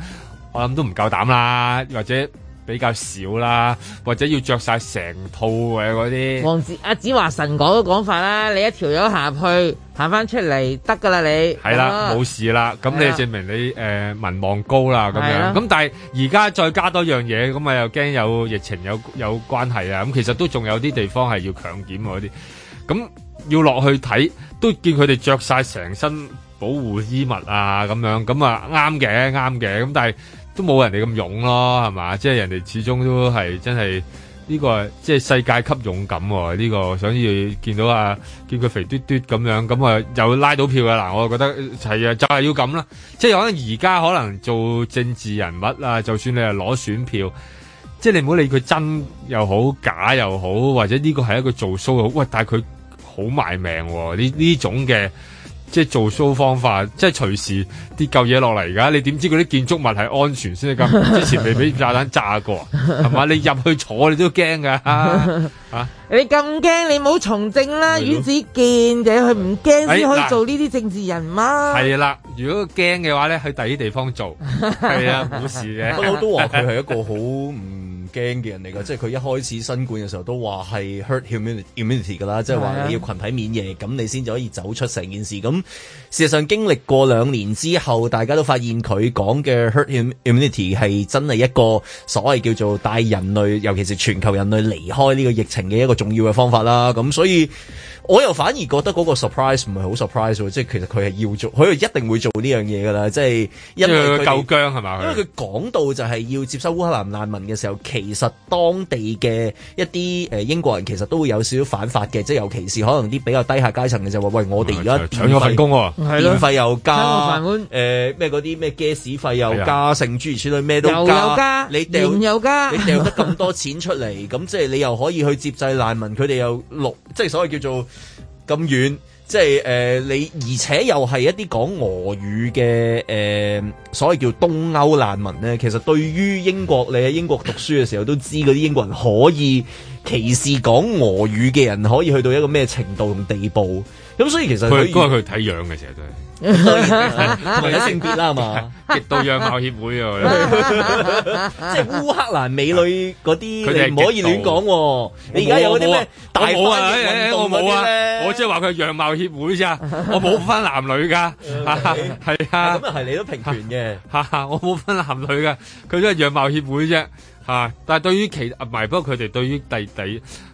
A: 我諗都唔夠膽啦，或者比較少啦，或者要着晒成套嘅嗰啲。王子
B: 阿子華神講嘅講法啦，你一條友行入去，彈翻出嚟，得噶啦，你係啦，冇
A: 事啦。咁你就證明你誒民望高啦，咁樣。咁但係而家再加多樣嘢，咁啊又驚有疫情有有關係啊。咁其實都仲有啲地方係要強檢嗰啲，咁要落去睇，都見佢哋着晒成身，保護衣物啊，咁樣咁啊，啱嘅，啱嘅。咁但係都冇人哋咁勇咯，係嘛？即係人哋始終都係真係呢個，即係世界級勇敢呢個。想要見到啊，見佢肥嘟嘟咁樣，咁啊又拉到票啊。嗱，我啊覺得係啊，就係要咁啦。即係可能而家可能做政治人物啊，就算你係攞選票，即係你唔好理佢真又好假又好，或者呢個係一個做 show，喂，但係佢好賣命呢呢種嘅。即係做 show 方法，即係隨時啲舊嘢落嚟㗎。你點知嗰啲建築物係安全先得㗎？之前未俾炸彈炸過，係嘛？ 你入去坐你都驚㗎嚇！
B: 你咁驚，你冇從政啦。阮子健嘅佢唔驚先可以做呢啲政治人嘛？係
A: 啦，如果驚嘅話咧，去第二地方做係啊，冇 事嘅。 我都話佢係一個好唔～
C: 驚嘅人嚟噶，即係佢一開始新冠嘅時候都話係 herd immunity 噶啦，即係話你要群體免疫，咁的你先就可以走出成件事。咁事實上經歷過兩年之後，大家都發現佢講嘅 herd immunity 係真係一個所謂叫做帶人類，尤其是全球人類離開呢個疫情嘅一個重要嘅方法啦。咁所以我又反而覺得嗰個 surprise 唔係好 surprise 即係其實佢係要做，佢係一定會做呢樣嘢噶啦，即係因為夠薑係嘛？因為佢講到就係要接收烏克蘭難民嘅時候，其實當地嘅一啲誒、呃、英國人其實都會有少少反法嘅，即尤其係，可能啲比較低下階層嘅就話：喂，我哋而家搶咗份工喎，電費又加，誒咩嗰啲咩 gas 費又加，諸如此類咩都加，你有加，你掉丟得咁多錢出嚟，咁 即係你又可以去接濟難民，佢哋又六，即係所謂叫做咁遠。即係誒、呃、你，而且又係一啲講俄語嘅誒、呃、所謂叫東歐難民咧。其實對於英國你喺英國讀書嘅時候都知，啲英國人可以歧視講俄語嘅人，可以去到一個咩程度同地步？咁所以其實佢，應該係佢
A: 睇樣嘅，其實都係。
D: 同、啊、 有性別啦，係嘛？極度樣貌協會喎，即係烏克
C: 蘭美女嗰啲，佢哋唔可以亂講喎。你而家有啲咩大牌啊，我啊大運動我啊，哎哎我啊，
A: 我即係話佢係樣貌協會咋，我冇分男女㗎，係啊，咁又係你都平權嘅， 我冇分男女㗎，佢都係樣貌協會啫。吓、啊，但係對於其唔係，不過佢哋對於第第二，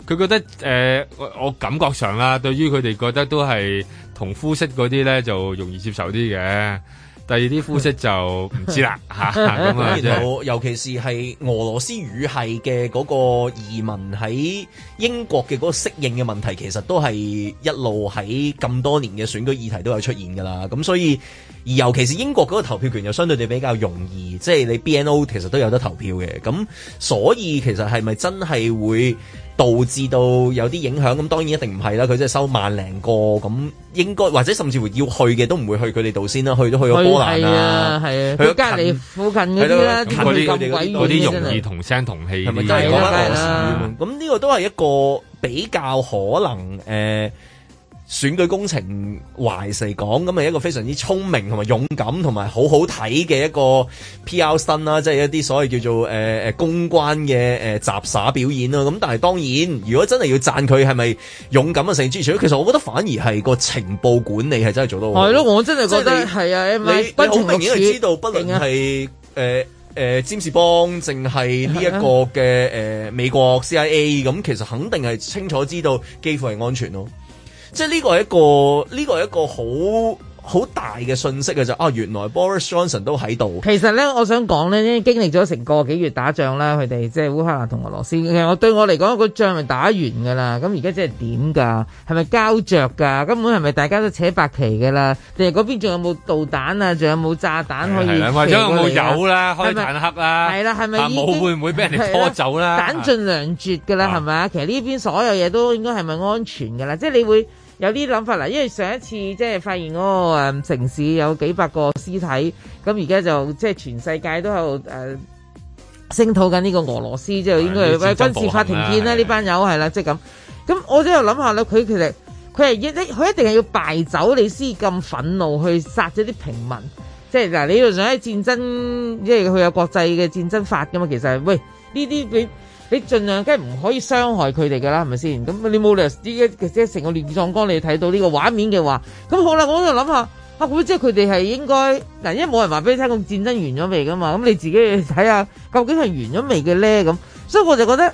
A: 佢覺得誒、呃，我我感覺上啦，對於佢哋覺得都係同膚色嗰啲咧就容易接受啲嘅，第二啲膚色就唔知啦吓。咁
C: 尤其是係俄羅斯語系嘅嗰個移民喺英國嘅嗰個適應嘅問題，其實都係一路喺咁多年嘅選舉議題都有出現㗎喇。咁所以。而尤其是英國嗰個投票權又相對地比較容易，即係你 BNO 其實都有得投票嘅，咁所以其實係咪真係會導致到有啲影響？咁當然一定唔係啦，佢即係收萬零個，咁應該或者甚至乎要去嘅都唔會去佢哋度先啦，去咗去咗波蘭啦，係啊，去咗隔離
A: 附近嗰啲啦，近啲嗰啲容易同聲同氣嘅嘢，係啦，係啦，
C: 咁呢個都係一個比較可能誒。選舉工程壞事講咁，係一個非常之聰明同埋勇敢同埋好好睇嘅一個 P.R. stunt 啦，即係一啲所謂叫做誒誒、呃、公關嘅誒、呃、雜耍表演啦。咁但係當然，如果真係要讚佢係咪勇敢嘅成珠除咗其實，我覺得反而係個情報管理係真係做到好係咯。我
B: 真係覺得係啊，你你好明顯係知道，不論
C: 係誒誒占士邦，淨係呢一個嘅誒的、呃、美國 C.I.A. 咁，其實肯定係清楚知道幾乎係安全咯。即係呢個係一個呢個係一個好好大嘅訊息嘅就啊，原來 Boris Johnson 都喺度。其
B: 實咧，我想講咧，經歷咗成個幾月打仗啦，佢哋即係烏克蘭同俄羅斯。其實我對我嚟講，個仗係打完㗎啦。咁而家即係點㗎？係咪膠着㗎？根本係咪大家都扯白旗㗎啦？定係嗰邊仲有冇導彈啊？仲有冇炸彈可以？啊啊、有冇油啦、啊？開
A: 坦克啦？係啦，係咪、啊？彈、啊、會唔會俾人哋拖走啦、啊？彈、啊、盡
B: 糧絕㗎啦，係咪啊，啊？其實呢邊所有嘢都應該係咪安全㗎啦？即係你會。有啲諗法啦，因為上一次即係發現嗰、那個、呃、城市有幾百個屍體，咁而家就即係全世界都喺度誒聲討緊呢個俄羅斯，即係應該係軍事法庭見啦呢班友，係啦，即係咁。咁我都有諗下啦，佢其實佢係一，佢一定係要敗走你先咁憤怒去殺咗啲平民，即係嗱、呃，你度想喺戰爭，因為佢有國際嘅戰爭法噶嘛，其實喂呢啲。你儘量梗係唔可以傷害佢哋噶啦，係咪先？咁你冇理由即係成個亂葬崗，你睇到呢個畫面嘅話，咁好啦，我喺度諗下啊！即係佢哋係應該嗱，因為冇人話俾你聽，咁戰爭完咗未噶嘛？咁你自己去睇下，究竟係完咗未嘅咧？咁所以我就覺得，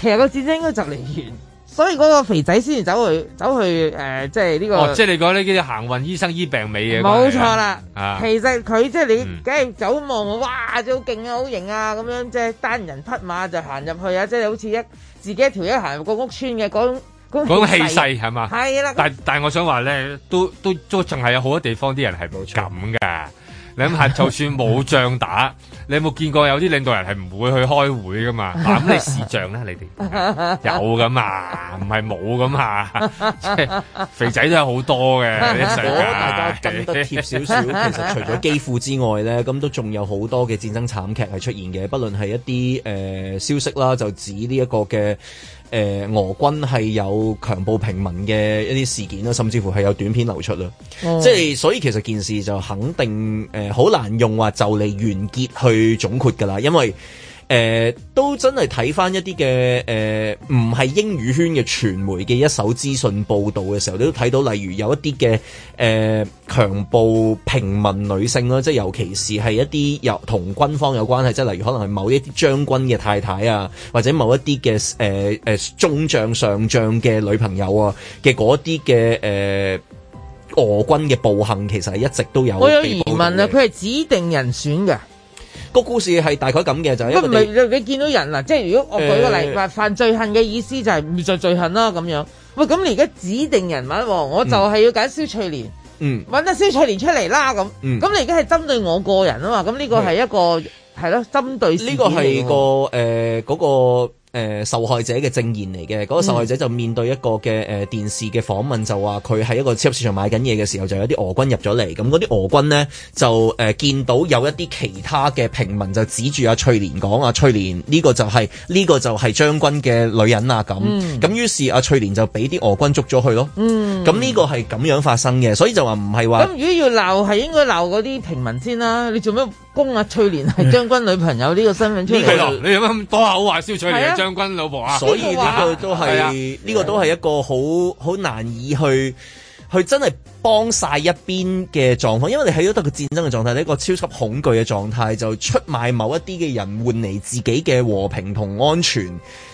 B: 其實個戰爭應該就嚟完。所以嗰個肥仔先走去走去誒、呃，即係呢、這
A: 個、哦、即係你講呢啲行運醫生醫病尾嘅、啊，冇錯啦。啊、其
B: 實佢即係你，梗係、嗯、走望哇，就好勁啊，好型啊，咁樣即係單人匹馬就行入去啊，即係好似一自己一條一行入個屋村嘅嗰、那個那個、種嗰種氣勢係嘛？係啦。
A: 但但係我想話咧，都都都仲係有好多地方啲人係冇咁噶。你諗下，就算冇仗打，你有冇見過有啲領導人係唔會去開會噶嘛？嗱，咁你視像咧，你哋有噶嘛？唔係冇噶嘛，即係肥仔都有多想想好多嘅呢世界。我大家講得貼少少，其實除咗基
C: 輔之外咧，咁都仲有好多嘅戰爭慘劇係出現嘅，不論係一啲誒、呃、消息啦，就指呢一個嘅。誒、呃、俄軍係有強暴平民嘅一啲事件啦，甚至乎係有短片流出啦，嗯、即係所以其實件事就肯定誒好、呃、難用話、呃、就嚟完結去總括㗎啦，因為。誒、呃，都真係睇返一啲嘅，誒、唔、呃、係英語圈嘅傳媒嘅一手資訊報道嘅時候，你都睇到例如有一啲嘅，誒、強暴平民女性啦，即係尤其是係一啲有同軍方有關係，即係例如可能係某一啲將軍嘅太太啊，或者某一啲嘅，誒、誒、中將上將嘅女朋友啊嘅嗰啲嘅，誒、俄軍嘅暴行，其實係一直都有。我有疑
B: 問啊，佢係指定人選嘅。個故事係大概咁嘅，就係、是，因為你你見到人嗱、啊，即係如果我舉個例，呃、犯罪行嘅意思就係唔再罪行啦咁樣。喂，咁你而家指定人物、啊，我就係要揀蕭翠蓮，
C: 嗯，
B: 揾咗蕭翠蓮出嚟啦咁。咁、嗯、你而家係針對我個人啊嘛，咁呢個係一個係咯、嗯，針對呢個係個
C: 誒嗰個。呃那個誒，受害者嘅證言嚟嘅，嗰、那個受害者就面對一個嘅誒電視嘅訪問，就話佢喺一個超級市場買緊嘢嘅時候，就有啲俄軍入咗嚟，咁嗰啲俄軍呢，就誒見到有一啲其他嘅平民就指住阿、啊、翠蓮講、啊，阿翠蓮呢個就係、是、呢、這個就係將軍嘅女人啊，咁咁於是阿、啊、翠蓮就俾啲俄軍捉咗去咯，咁呢、嗯、個係咁樣發生嘅，所以就話唔係話咁
B: 如果要鬧，係應該鬧嗰啲平民先啦，你做咩供阿翠蓮係將軍女朋友呢個身份出嚟？呢個
D: 你
C: 咁多口壞燒出嚟、啊？將
A: 軍老婆啊，所以呢個都係呢哇個
C: 都係一個好
B: 好難以
C: 去去真係幫晒一邊嘅狀況，因為你喺咗一個戰爭嘅狀態，一個超級恐懼嘅狀態，就出賣某一啲嘅人換嚟自己嘅和平同安全，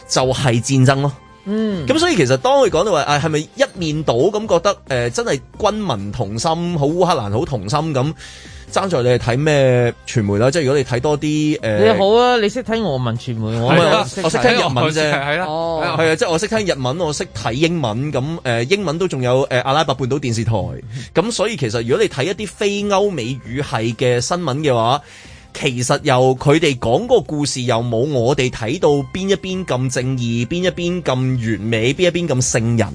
C: 就係、是、戰爭咯。嗯，
D: 咁所以
C: 其實當佢講到話誒係咪一面倒咁覺得誒、呃、真係軍民同心，好烏克蘭好同心咁。爭在你係睇咩傳媒啦，即係如果你睇多啲誒、呃，你好
B: 啊，你識聽俄文傳媒，的我唔係
C: 我識聽日文啫，係啦，係啊、哦，即係我識聽日文，我識睇英文，咁誒、呃、英文都仲有誒、呃、阿拉伯半島電視台，咁 所以其實如果你睇一啲非歐美語系嘅新聞嘅話，其實由佢哋講個故事又冇我哋睇到邊一邊咁正義，邊一邊咁完美，邊一邊咁聖人。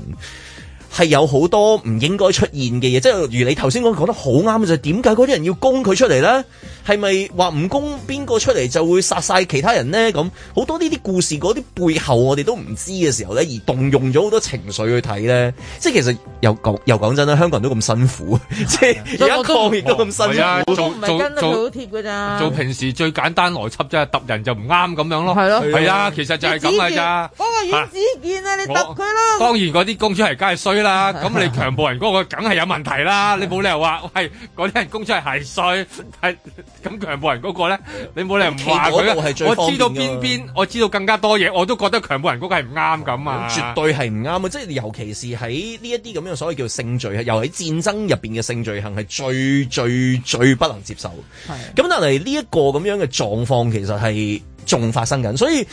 C: 係有好多唔應該出現嘅嘢，即係如你頭先講講得好啱嘅就係點解嗰啲人要供佢出嚟咧？係咪話唔供邊個出嚟就會殺晒其他人咧？咁好多呢啲故事嗰啲背後我哋都唔知嘅時候咧，而動用咗好多情緒去睇咧，即係其實又講又講真啦，香港人都咁辛苦，即
A: 係而家個個都咁辛苦，都啊、做唔係跟得佢好貼㗎咋？做平時最簡單邏輯啫，揼人就唔啱咁樣咯。係咯、啊，係啊，啊，啊，其實就係咁㗎咋？嗰片、啊、個尹子
B: 健啊，你揼佢咯。當
A: 然嗰啲供出嚟梗係衰。啦，咁、 嗯、你強暴人嗰個梗係有問題啦，你冇理由話係嗰啲人工真係邪衰。係咁強暴人嗰個咧，你冇理由唔話佢，我知道邊邊，我知道更加多嘢，我都覺得強暴人嗰個係唔啱咁啊，絕對係
C: 唔啱啊！即係尤其是喺呢一啲咁樣所謂叫性罪，又喺戰爭入邊嘅性罪行係最最最最不能接受。係咁的但係呢一個咁樣嘅狀況其實係仲發生緊，所以。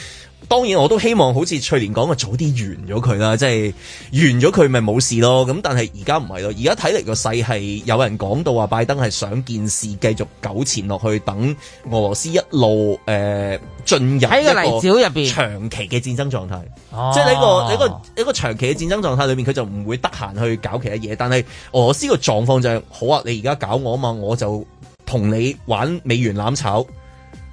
C: 當然我都希望好似翠蓮講嘅早啲完咗佢啦，即係完咗佢咪冇事咯。咁但係而家唔係咯，而家睇嚟個勢係有人講到話拜登係想件事繼續糾纏落去，等俄羅斯一路誒、呃、進入喺個泥沼入邊長期嘅戰爭狀態。啊、即係喺、呢個喺、呢個喺、呢個長期嘅戰爭狀態裏面，佢就唔會得閒去搞其他嘢。但係俄羅斯個狀況就係、是、好啊，你而家搞我啊嘛，我就同你玩美元攬炒。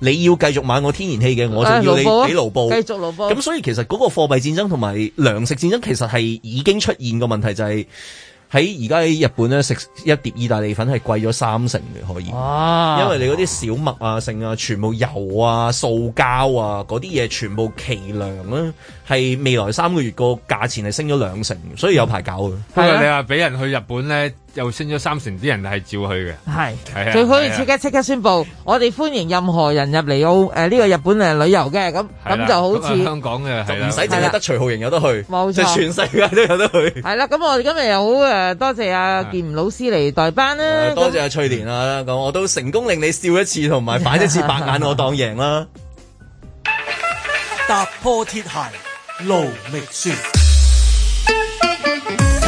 C: 你要繼續買我天然氣嘅，我就要你俾盧、啊、布。繼續盧布。咁所以其實嗰個貨幣戰爭同埋糧食戰爭其實係已經出現個問題，就係喺而家喺日本咧食一碟意大利粉係貴咗三成嘅可以。哇！因為你嗰啲小麥啊、剩啊、全部油啊、塑膠啊嗰啲嘢，全部期糧啊，係未來三個月個價錢係升咗兩成，所以有排搞嘅。係、啊、不過
B: 你話
A: 俾人去日本咧？又升咗三成，啲人係照去嘅。
B: 係是，最好可以即刻即刻宣布，我哋歡迎任何人入嚟澳誒呢、呃這個日本誒旅遊嘅。咁咁、啊、就好似香
C: 港嘅，唔使淨係得徐浩瑩有得去，即係錯全世界都有得去。
B: 係啦、啊，咁我哋今日又好誒，多謝阿、啊、健吾老師嚟代班啦、啊啊。多謝阿
C: 翠蓮啦，咁那、啊、我都成功令你笑一次，同埋反一次白眼，我當贏啦。
B: 踏 破鐵
F: 鞋路，覓船。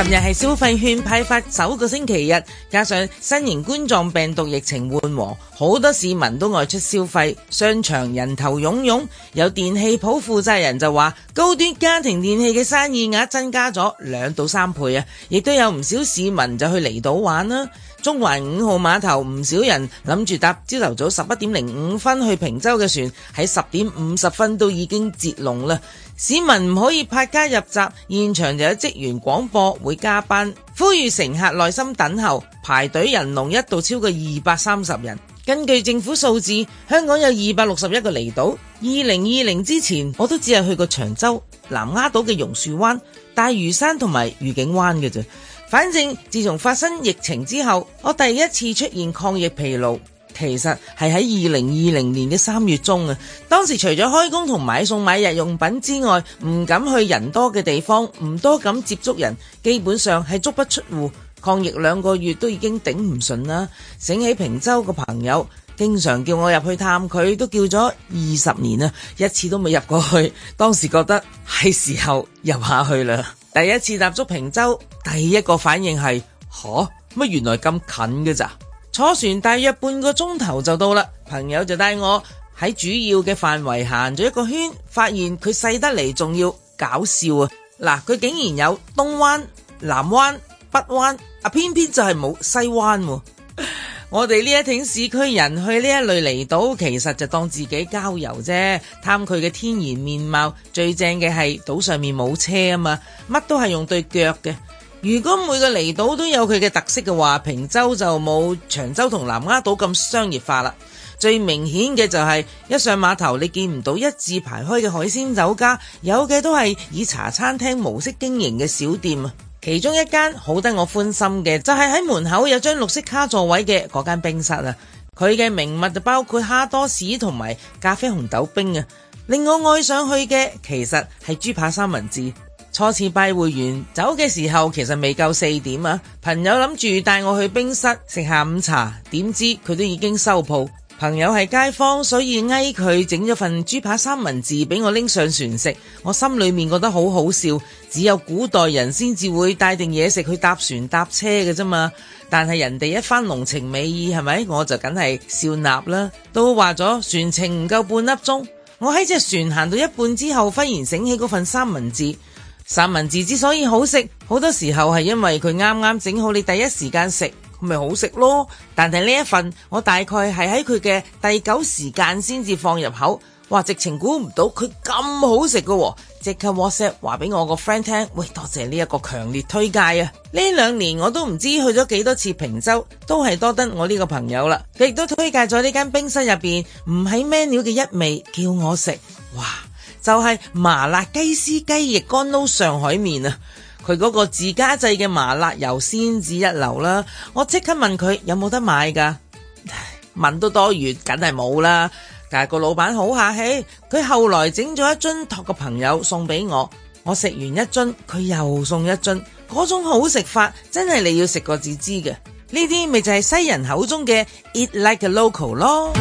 B: 琴日係消費券派發首個星期日，加上新型冠狀病毒疫情緩和，好多市民都外出消費，商場人頭涌湧。有電器鋪負責人就話，高端家庭電器嘅生意額增加咗兩到三倍啊！亦都有唔少市民就去離島玩啦。中環五號碼頭唔少人諗住搭朝頭早十一點零五分去坪洲嘅船，喺十點五十分都已經截龍啦。市民唔可以拍卡入閘，現場就有職員廣播會加班，呼籲乘客耐心等候，排隊人龍一度超過二百三十人。根據政府數字，香港有二百六十一個離島。二零二零之前，我都只係去過長洲、南丫島嘅榕樹灣、大嶼山同埋愉景灣嘅啫。反正自從發生疫情之後，我第一次出現抗疫疲勞。其實係喺二零二零年嘅三月中啊，當時除咗開工同買餸買日用品之外，唔敢去人多嘅地方，唔多敢接觸人，基本上係足不出戶，抗疫兩個月都已經頂唔順啦。醒起平洲個朋友，經常叫我入去探佢，都叫咗二十年啦，一次都未入過去。當時覺得係時候入下去啦。第一次踏足平洲，第一個反應係，吓，乜原來咁近嘅咋？坐船大約半個鐘頭就到啦，朋友就帶我喺主要嘅範圍行咗一個圈，發現佢細得嚟，仲要搞笑啊！嗱，佢竟然有東灣、南灣、北灣，啊，偏偏就係冇西灣。 我哋呢一挺市區人去呢一類離島，其實就當自己郊遊啫，貪佢嘅天然面貌。最正嘅係島上面冇車啊嘛，乜都係用對腳嘅。如果每個離島都有佢嘅特色嘅話，平洲就冇長洲同南丫島咁商業化啦。最明顯嘅就係一上碼頭，你見唔到一字排開嘅海鮮酒家，有嘅都係以茶餐廳模式經營嘅小店啊。其中一間好得我歡心嘅，就係喺門口有張綠色卡座位嘅嗰間冰室啊。佢嘅名物就包括蝦多士同埋咖啡紅豆冰啊。令我愛上去嘅，其實係豬扒三文治。初次拜會完走嘅時候，其實未夠四點啊。朋友諗住帶我去冰室食下午茶，點知佢都已經收鋪。朋友係街坊，所以嗌佢整咗份豬扒三文治俾我拎上船食。我心裏面覺得好好笑，只有古代人先至會帶定嘢食去搭船搭車嘅啫嘛。但係人哋一番濃情美意，係咪我就梗係笑納啦？都話咗船程唔夠半粒鐘，我喺隻船行到一半之後，忽然醒起嗰份三文治。三文治之所以好食，好多時候係因為佢啱啱整好，你第一時間食咪好食咯。但係呢一份，我大概係喺佢嘅第九時間先至放入口，哇！直情估唔到佢咁好食㗎，即刻 WhatsApp 話俾我個 friend 聽，喂，多謝呢一個強烈推介啊！呢兩年我都唔知去咗幾多次平洲，都係多得我呢個朋友啦。亦都推介咗呢間冰室入邊唔係 menu 嘅一味叫我食，哇！就係麻辣雞絲雞翼乾撈上海麵啊！佢嗰個自家製嘅麻辣油先至一流啦。我即刻問佢有冇得買噶？問都多餘，梗係冇啦。但係個老闆好客氣，佢後來整咗一樽託個朋友送俾我。我食完一樽，佢又送一樽。嗰種好食法真係你要食過至知嘅。呢啲咪就係西人口中嘅 eat like a local 咯。